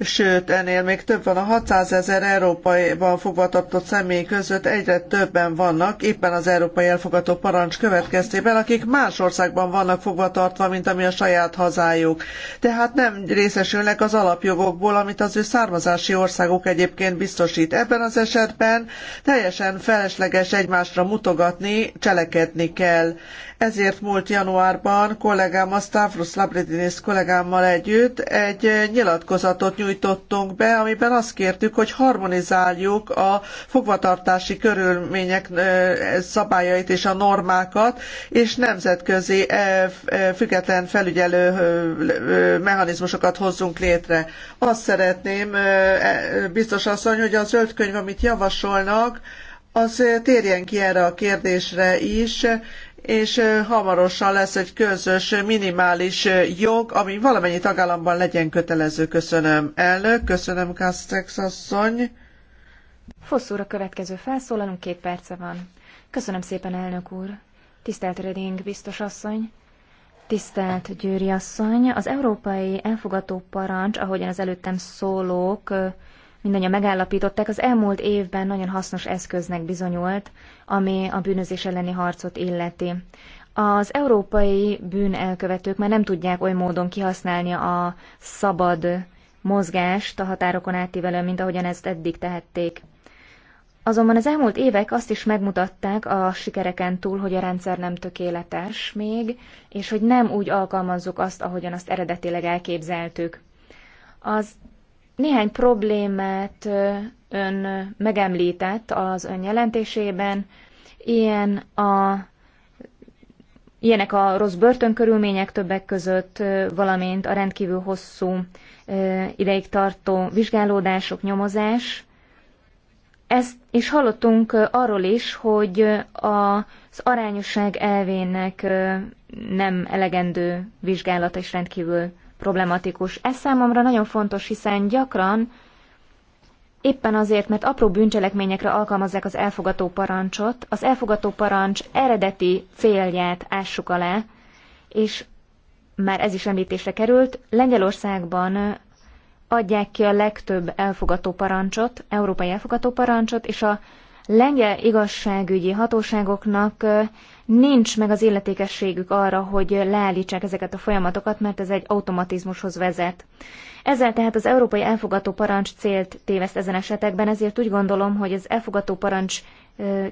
Sőt, ennél még több van. A 600 ezer Európaiban fogvatartott személy között egyre többen vannak, éppen az Európai Elfogató Parancs következtében, akik más országban vannak fogvatartva, mint ami a saját hazájuk. Tehát nem részesülnek az alapjogokból, amit az ő származási országuk egyébként biztosít. Ebben az esetben teljesen felesleges egymásra mutogatni, cselekedni kell. Ezért múlt januárban kollégám, a Stavros Labridinis kollégámmal együtt egy nyilatkozatot nyújtottunk be, amiben azt kértük, hogy harmonizáljuk a fogvatartási körülmények szabályait és a normákat, és nemzetközi független felügyelő mechanizmusokat hozzunk létre. Azt szeretném, e, biztos asszony, hogy a zöld könyv, amit javasolnak, az térjen ki erre a kérdésre is, és hamarosan lesz egy közös minimális jog, ami valamennyi tagállamban legyen kötelező. Köszönöm, elnök, köszönöm, Kastex asszony. Hosszúra következő felszólalunk, két perce van. Köszönöm szépen, elnök úr. Tisztelt Reding, biztos asszony. Tisztelt Győri asszony, az európai elfogató parancs, ahogyan az előttem szólók mindannyian megállapították, az elmúlt évben nagyon hasznos eszköznek bizonyult, ami a bűnözés elleni harcot illeti. Az európai bűnelkövetők már nem tudják oly módon kihasználni a szabad mozgást a határokon átívelő mint ahogyan ezt eddig tehették. Azonban az elmúlt évek azt is megmutatták a sikereken túl, hogy a rendszer nem tökéletes még, és hogy nem úgy alkalmazzuk azt, ahogyan azt eredetileg elképzeltük. Az néhány problémát ön megemlített az ön jelentésében, ilyen a Ilyenek a rossz börtönkörülmények többek között, valamint a rendkívül hosszú ideig tartó vizsgálódások, nyomozás. Ezt is hallottunk arról is, hogy az arányosság elvének nem elegendő vizsgálata és rendkívül problematikus. Ez számomra nagyon fontos, hiszen gyakran Éppen azért, mert apró bűncselekményekre alkalmazzák az elfogató parancsot, az elfogató parancs eredeti célját ássuk alá, és már ez is említésre került, Lengyelországban adják ki a legtöbb elfogató parancsot, európai elfogató parancsot, és a lengyel igazságügyi hatóságoknak nincs meg az illetékességük arra, hogy leállítsák ezeket a folyamatokat, mert ez egy automatizmushoz vezet. Ezzel tehát az európai elfogató parancs célt téveszt ezen esetekben, ezért úgy gondolom, hogy az elfogató parancs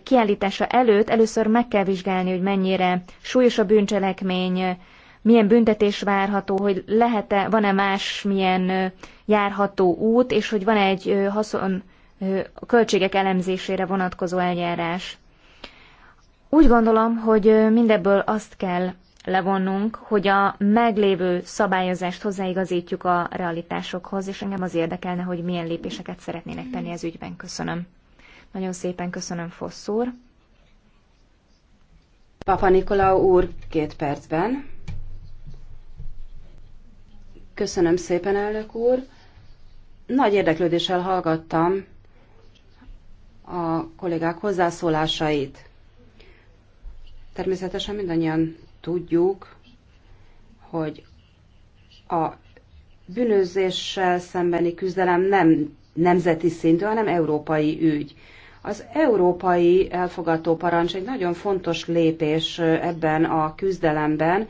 kiállítása előtt először meg kell vizsgálni, hogy mennyire súlyos a bűncselekmény, milyen büntetés várható, hogy lehet-e, van-e más milyen járható út, és hogy van -e egy haszon a költségek elemzésére vonatkozó eljárás. Úgy gondolom, hogy mindebből azt kell levonnunk, hogy a meglévő szabályozást hozzáigazítjuk a realitásokhoz, és engem az érdekelne, hogy milyen lépéseket szeretnének tenni az ügyben. Köszönöm. Nagyon szépen köszönöm, Fosszúr. Papa Nikolau úr, két percben. Köszönöm szépen, elnök úr. Nagy érdeklődéssel hallgattam a kollégák hozzászólásait. Természetesen mindannyian tudjuk, hogy a bűnözéssel szembeni küzdelem nem nemzeti szintű, hanem európai ügy. Az európai elfogató parancs egy nagyon fontos lépés ebben a küzdelemben,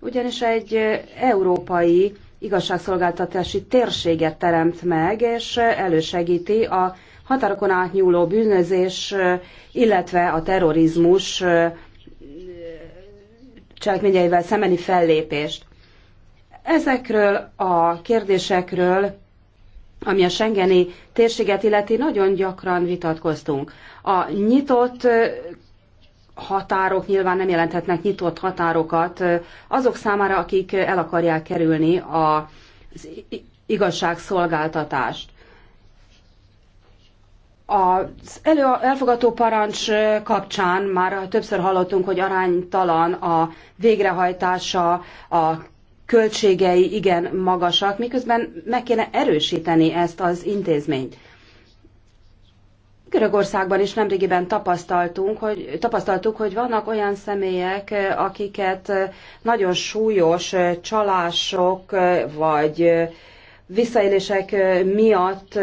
ugyanis egy európai igazságszolgáltatási térséget teremt meg, és elősegíti a határokon átnyúló bűnözés, illetve a terrorizmus cselekményeivel szembeni fellépést. Ezekről a kérdésekről, ami a Schengeni térséget illeti, nagyon gyakran vitatkoztunk. A nyitott határok nyilván nem jelenthetnek nyitott határokat azok számára, akik el akarják kerülni az igazságszolgáltatást. Az elő elfogató parancs kapcsán már többször hallottunk, hogy aránytalan a végrehajtása, a költségei igen magasak, miközben meg kéne erősíteni ezt az intézményt. Görögországban is nemrégiben tapasztaltunk, hogy, tapasztaltuk, hogy vannak olyan személyek, akiket nagyon súlyos csalások vagy visszaélések miatt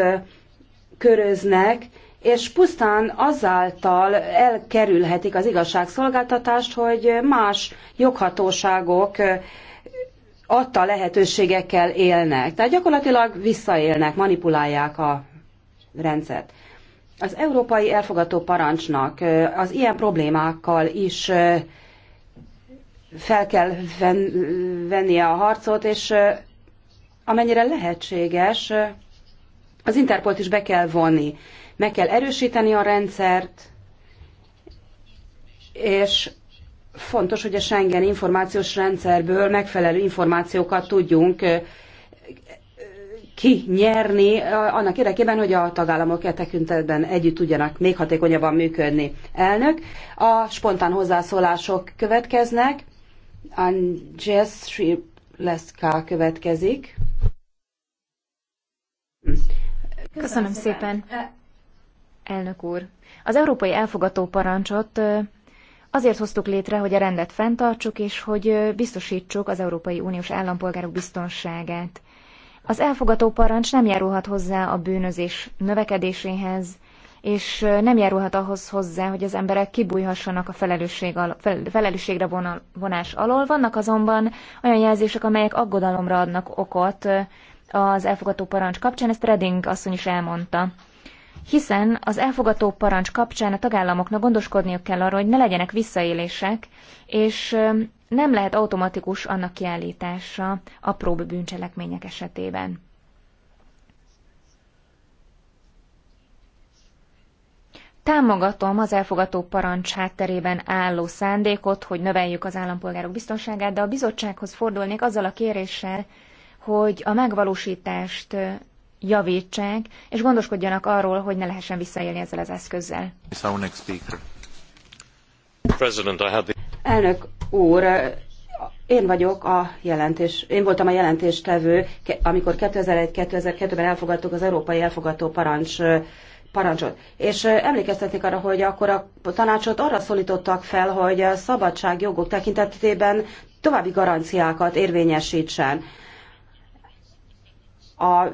köröznek, és pusztán azáltal elkerülhetik az igazságszolgáltatást, hogy más joghatóságok adta lehetőségekkel élnek. Tehát gyakorlatilag visszaélnek, manipulálják a rendszert. Az európai elfogató parancsnak az ilyen problémákkal is fel kell ven, vennie a harcot, és amennyire lehetséges, az Interpolt is be kell vonni meg kell erősíteni a rendszert, és fontos, hogy a Schengen információs rendszerből megfelelő információkat tudjunk kinyerni annak érdekében, hogy a tagállamok e tekintetben együtt tudjanak még hatékonyabban működni. Elnök, a spontán hozzászólások következnek. Andrzej Leszka következik. Köszönöm szépen. Elnök úr, az európai elfogató parancsot azért hoztuk létre, hogy a rendet fenntartsuk, és hogy biztosítsuk az Európai Uniós állampolgárok biztonságát. Az elfogató parancs nem járulhat hozzá a bűnözés növekedéséhez, és nem járulhat ahhoz hozzá, hogy az emberek kibújhassanak a felelősség al- felelősségre vonal- vonás alól. Vannak azonban olyan jelzések, amelyek aggodalomra adnak okot az elfogató parancs kapcsán, ezt Redding asszony is elmondta hiszen az elfogató parancs kapcsán a tagállamoknak gondoskodniuk kell arról, hogy ne legyenek visszaélések, és nem lehet automatikus annak kiállítása apróbb bűncselekmények esetében. Támogatom az elfogató parancs hátterében álló szándékot, hogy növeljük az állampolgárok biztonságát, de a bizottsághoz fordulnék azzal a kéréssel, hogy a megvalósítást javítsák, és gondoskodjanak arról, hogy ne lehessen visszaélni ezzel az eszközzel. Elnök úr, én vagyok a jelentés, én voltam a jelentéstevő, amikor 2001-2002-ben elfogadtuk az Európai Elfogató Parancs parancsot. És emlékeztetnék arra, hogy akkor a tanácsot arra szólítottak fel, hogy a szabadságjogok tekintetében további garanciákat érvényesítsen a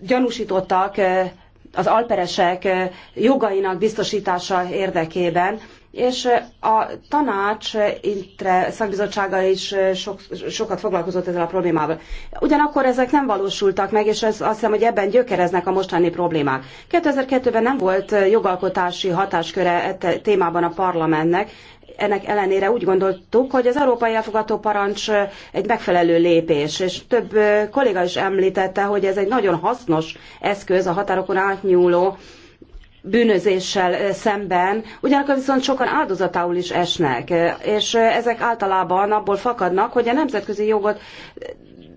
gyanúsítottak, az alperesek jogainak biztosítása érdekében, és a tanács intre szakbizottsága is sok, sokat foglalkozott ezzel a problémával. Ugyanakkor ezek nem valósultak meg, és ez azt hiszem, hogy ebben gyökereznek a mostani problémák. 2002-ben nem volt jogalkotási hatásköre e témában a parlamentnek, ennek ellenére úgy gondoltuk, hogy az európai elfogató parancs egy megfelelő lépés, és több kolléga is említette, hogy ez egy nagyon hasznos eszköz a határokon átnyúló bűnözéssel szemben, ugyanakkor viszont sokan áldozatául is esnek, és ezek általában abból fakadnak, hogy a nemzetközi jogot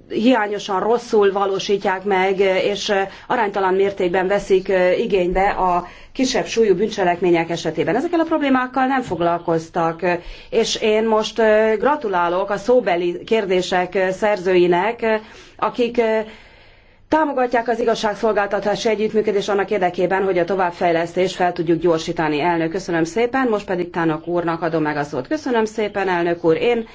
hiányosan rosszul valósítják meg, és eh, aránytalan mértékben veszik eh, igénybe a kisebb súlyú bűncselekmények esetében. Ezekkel a problémákkal nem foglalkoztak, eh, és én most gratulálok a szóbeli kérdések szerzőinek, akik támogatják az igazságszolgáltatási együttműködés annak érdekében, hogy a továbbfejlesztést fel tudjuk gyorsítani. Elnök, köszönöm szépen, most pedig Tának úrnak adom meg a szót. Köszönöm szépen, elnök úr. Én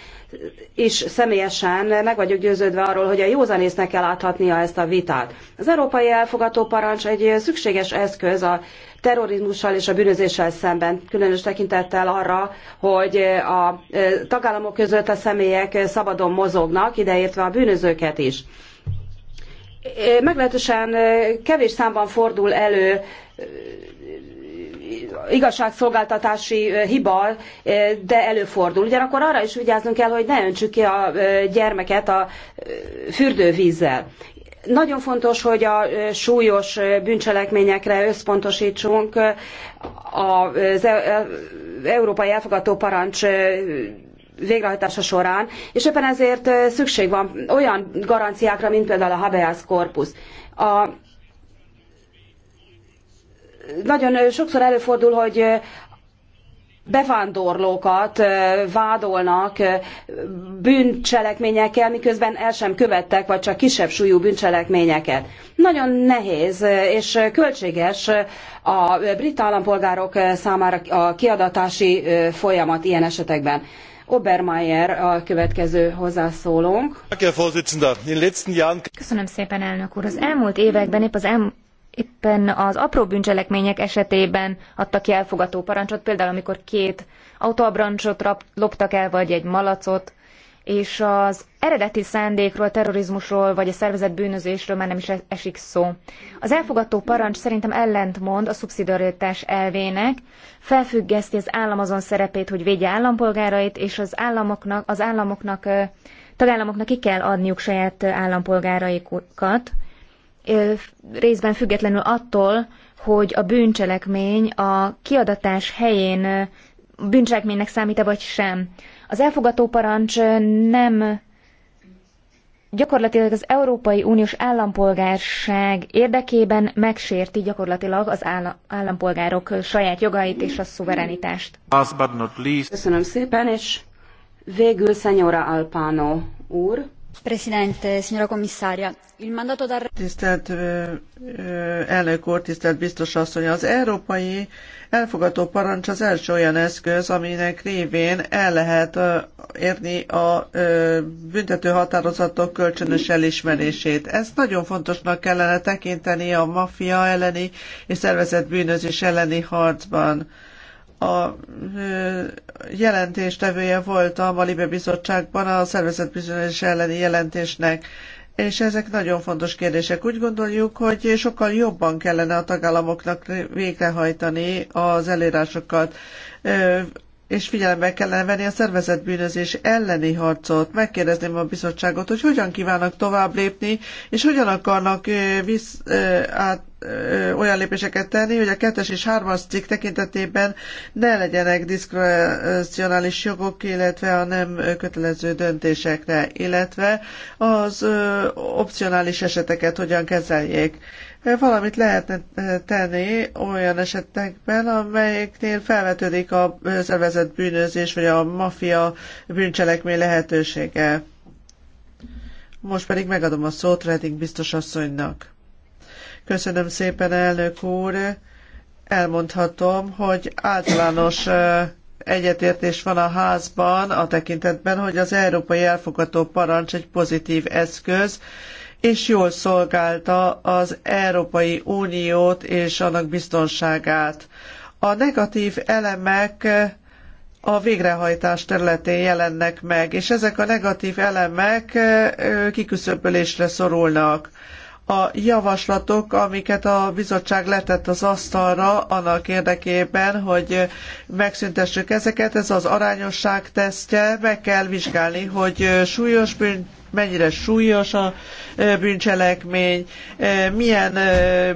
is személyesen meg vagyok győződve arról, hogy a józanésznek kell láthatnia ezt a vitát. Az európai elfogató parancs egy szükséges eszköz a terrorizmussal és a bűnözéssel szemben, különös tekintettel arra, hogy a tagállamok között a személyek szabadon mozognak, ideértve a bűnözőket is meglehetősen kevés számban fordul elő igazságszolgáltatási hiba, de előfordul. Ugyanakkor arra is vigyáznunk kell, hogy ne öntsük ki a gyermeket a fürdővízzel. Nagyon fontos, hogy a súlyos bűncselekményekre összpontosítsunk az e-, e-, Európai Elfogató Parancs végrehajtása során, és éppen ezért szükség van olyan garanciákra, mint például a habeas corpus. A nagyon sokszor előfordul, hogy bevándorlókat vádolnak bűncselekményekkel, miközben el sem követtek, vagy csak kisebb súlyú bűncselekményeket. Nagyon nehéz és költséges a brit állampolgárok számára a kiadatási folyamat ilyen esetekben. Obermeier a következő hozzászólónk. Köszönöm szépen, elnök úr. Az elmúlt években épp az éppen az apró bűncselekmények esetében adtak ki elfogató parancsot, például amikor két autóabrancsot loptak el, vagy egy malacot, és az eredeti szándékról, terrorizmusról vagy a szervezett bűnözésről már nem is esik szó. Az elfogadó parancs szerintem ellentmond a szubszidiaritás elvének, felfüggeszti az állam azon szerepét, hogy védje állampolgárait, és az államoknak, az államoknak tagállamoknak ki kell adniuk saját állampolgáraikat, részben függetlenül attól, hogy a bűncselekmény a kiadatás helyén bűncselekménynek számít-e vagy sem. Az elfogató parancs nem gyakorlatilag az Európai Uniós állampolgárság érdekében megsérti gyakorlatilag az állampolgárok saját jogait és a szuverenitást. Last but not least. Köszönöm szépen, és végül Senyora Alpano úr. Presidente, signora commissaria, il mandato da... Tisztelt elnök úr, tisztelt biztos asszony, az európai elfogadó parancs az első olyan eszköz, aminek révén el lehet érni a büntető határozatok kölcsönös elismerését. Ezt nagyon fontosnak kellene tekinteni a maffia elleni és szervezett bűnözés elleni harcban a jelentéstevője voltam a Malibe Bizottságban a szervezetbizonyos elleni jelentésnek, és ezek nagyon fontos kérdések. Úgy gondoljuk, hogy sokkal jobban kellene a tagállamoknak végrehajtani az elérásokat és figyelembe kellene venni a szervezetbűnözés elleni harcot. Megkérdezném a bizottságot, hogy hogyan kívánnak tovább lépni, és hogyan akarnak visz, át, olyan lépéseket tenni, hogy a kettes és hármas cikk tekintetében ne legyenek diszkrecionális jogok, illetve a nem kötelező döntésekre, illetve az opcionális eseteket hogyan kezeljék valamit lehetne eh, tenni olyan esetekben, amelyeknél felvetődik a szervezett bűnözés vagy a mafia bűncselekmény lehetősége. Most pedig megadom a szót Redding biztos asszonynak. Köszönöm szépen, elnök úr. Elmondhatom, hogy általános eh, egyetértés van a házban a tekintetben, hogy az európai elfogató parancs egy pozitív eszköz, és jól szolgálta az Európai Uniót és annak biztonságát. A negatív elemek a végrehajtás területén jelennek meg, és ezek a negatív elemek kiküszöbölésre szorulnak a javaslatok, amiket a bizottság letett az asztalra annak érdekében, hogy megszüntessük ezeket. Ez az arányosság tesztje, meg kell vizsgálni, hogy súlyos bűn, mennyire súlyos a bűncselekmény, milyen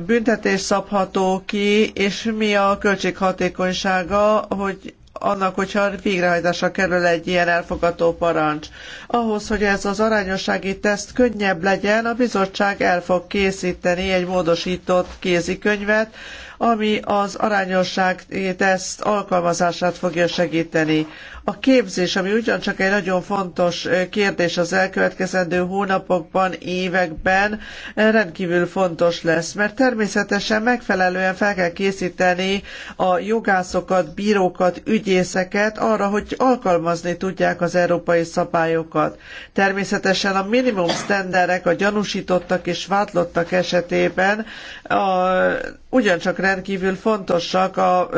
büntetés szabható ki, és mi a költséghatékonysága, hogy annak, hogyha végrehajtásra kerül egy ilyen elfogadó parancs. Ahhoz, hogy ez az arányossági teszt könnyebb legyen, a bizottság el fog készíteni egy módosított kézikönyvet, ami az arányosság teszt alkalmazását fogja segíteni. A képzés, ami ugyancsak egy nagyon fontos kérdés az elkövetkezendő hónapokban, években, rendkívül fontos lesz, mert természetesen megfelelően fel kell készíteni a jogászokat, bírókat, ügyészeket arra, hogy alkalmazni tudják az európai szabályokat. Természetesen a minimum sztenderek a gyanúsítottak és vádlottak esetében a, ugyancsak rendkívül fontosak a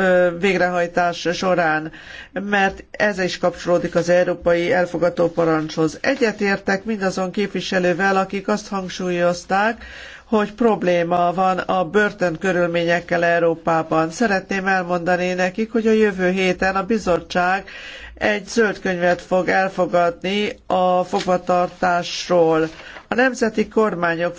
végrehajtás során, mert ezek ez is kapcsolódik az európai elfogató parancshoz. Egyetértek mindazon képviselővel, akik azt hangsúlyozták, hogy probléma van a börtönkörülményekkel Európában. Szeretném elmondani nekik, hogy a jövő héten a bizottság egy zöld könyvet fog elfogadni a fogvatartásról. A nemzeti kormányok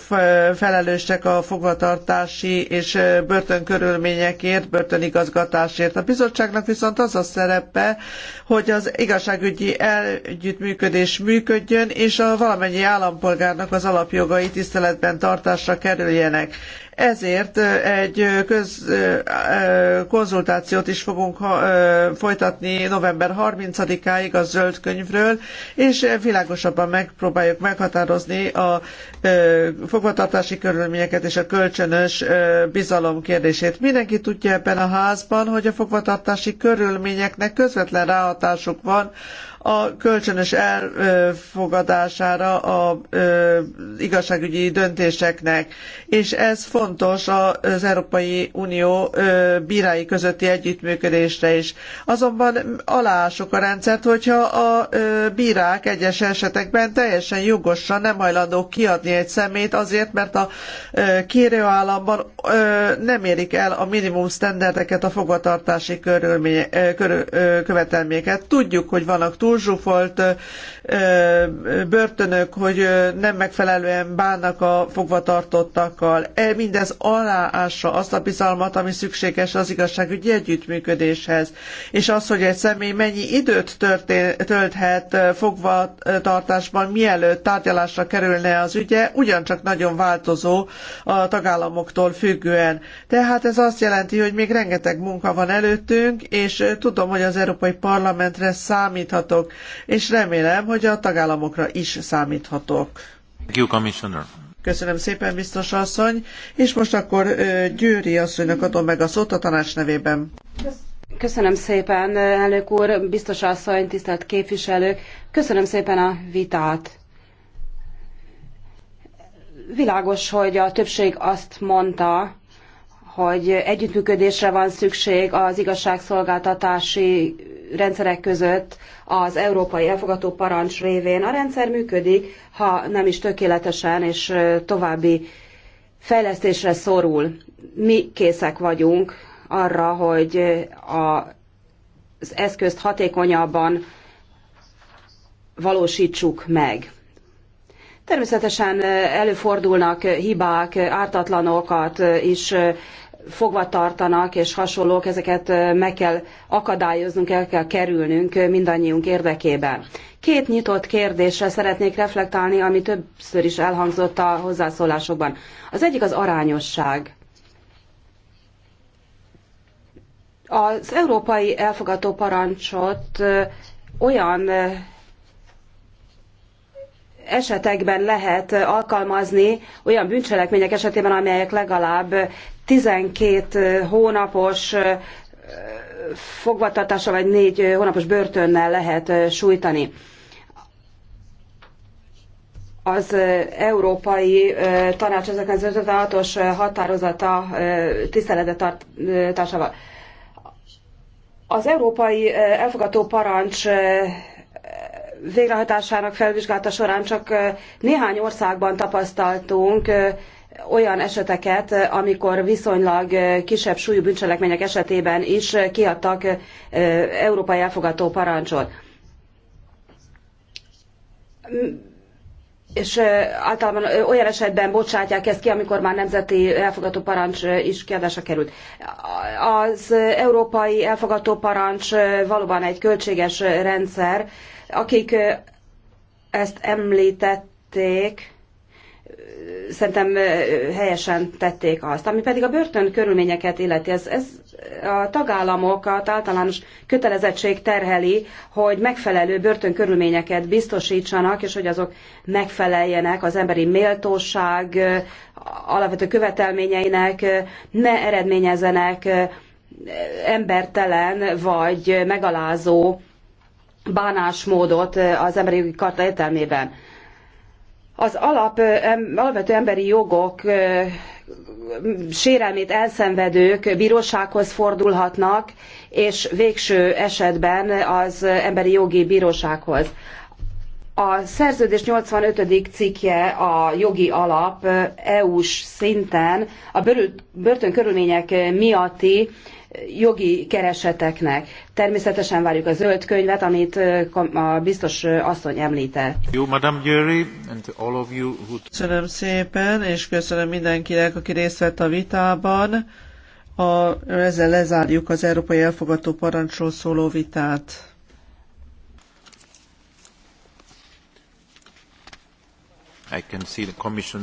felelősek a fogvatartási és börtönkörülményekért, börtönigazgatásért. A bizottságnak viszont az a szerepe, hogy az igazságügyi együttműködés működjön, és a valamennyi állampolgárnak az alapjogai tiszteletben tartásra kerüljenek. Ezért egy köz, konzultációt is fogunk folytatni november 30-áig a zöld könyvről, és világosabban megpróbáljuk meghatározni a fogvatartási körülményeket és a kölcsönös bizalom kérdését. Mindenki tudja ebben a házban, hogy a fogvatartási körülményeknek közvetlen ráhatásuk van a kölcsönös elfogadására a igazságügyi döntéseknek. És ez fontos az Európai Unió bírái közötti együttműködésre is. Azonban aláásuk a rendszert, hogyha a bírák egyes esetekben teljesen jogosan nem hajlandók kiadni egy szemét azért, mert a kérő államban nem érik el a minimum sztenderdeket, a fogvatartási körülmény, követelményeket. Tudjuk, hogy vannak túl túlzsúfolt börtönök, hogy nem megfelelően bánnak a fogvatartottakkal. E, mindez aláássa azt a bizalmat, ami szükséges az igazságügyi együttműködéshez. És az, hogy egy személy mennyi időt történ- tölthet fogvatartásban, mielőtt tárgyalásra kerülne az ügye, ugyancsak nagyon változó a tagállamoktól függően. Tehát ez azt jelenti, hogy még rengeteg munka van előttünk, és tudom, hogy az Európai Parlamentre számíthatok vagyok, és remélem, hogy a tagállamokra is számíthatok. Köszönöm szépen, biztos asszony, és most akkor Győri asszonynak adom meg a szót a tanács nevében. Köszönöm szépen, elnök úr, biztos asszony, tisztelt képviselők. Köszönöm szépen a vitát. Világos, hogy a többség azt mondta, hogy együttműködésre van szükség az igazságszolgáltatási rendszerek között az európai elfogató parancs révén a rendszer működik, ha nem is tökéletesen, és további fejlesztésre szorul. Mi készek vagyunk arra, hogy a az eszközt hatékonyabban valósítsuk meg. Természetesen előfordulnak hibák, ártatlanokat is fogva tartanak és hasonlók, ezeket meg kell akadályoznunk, el kell kerülnünk mindannyiunk érdekében. Két nyitott kérdésre szeretnék reflektálni, ami többször is elhangzott a hozzászólásokban. Az egyik az arányosság. Az európai elfogadó parancsot olyan esetekben lehet alkalmazni olyan bűncselekmények esetében, amelyek legalább 12 hónapos fogvatartása vagy 4 hónapos börtönnel lehet sújtani. Az Európai Tanács 1956-os határozata tiszteletbe tartásával. Az Európai Elfogató Parancs végrehajtásának felvizsgálata során csak néhány országban tapasztaltunk olyan eseteket, amikor viszonylag kisebb súlyú bűncselekmények esetében is kiadtak európai elfogató parancsot. Mm, és általában olyan esetben bocsátják ezt ki, amikor már nemzeti elfogató parancs is kiadásra került. Az európai elfogató parancs valóban egy költséges rendszer. Akik ezt említették, szerintem helyesen tették azt. Ami pedig a börtön körülményeket illeti, ez, ez a tagállamokat általános kötelezettség terheli, hogy megfelelő börtön körülményeket biztosítsanak, és hogy azok megfeleljenek az emberi méltóság alapvető követelményeinek, ne eredményezenek embertelen vagy megalázó bánásmódot az emberi karta értelmében az alap, alapvető emberi jogok sérelmét elszenvedők bírósághoz fordulhatnak, és végső esetben az emberi jogi bírósághoz. A szerződés 85. cikke a jogi alap EU-s szinten a börtönkörülmények miatti jogi kereseteknek. Természetesen várjuk a zöld könyvet, amit a biztos asszony említett. Köszönöm szépen, és köszönöm mindenkinek, aki részt vett a vitában. A, ezzel lezárjuk az Európai Elfogató Parancsról szóló vitát. I can see the commissioner.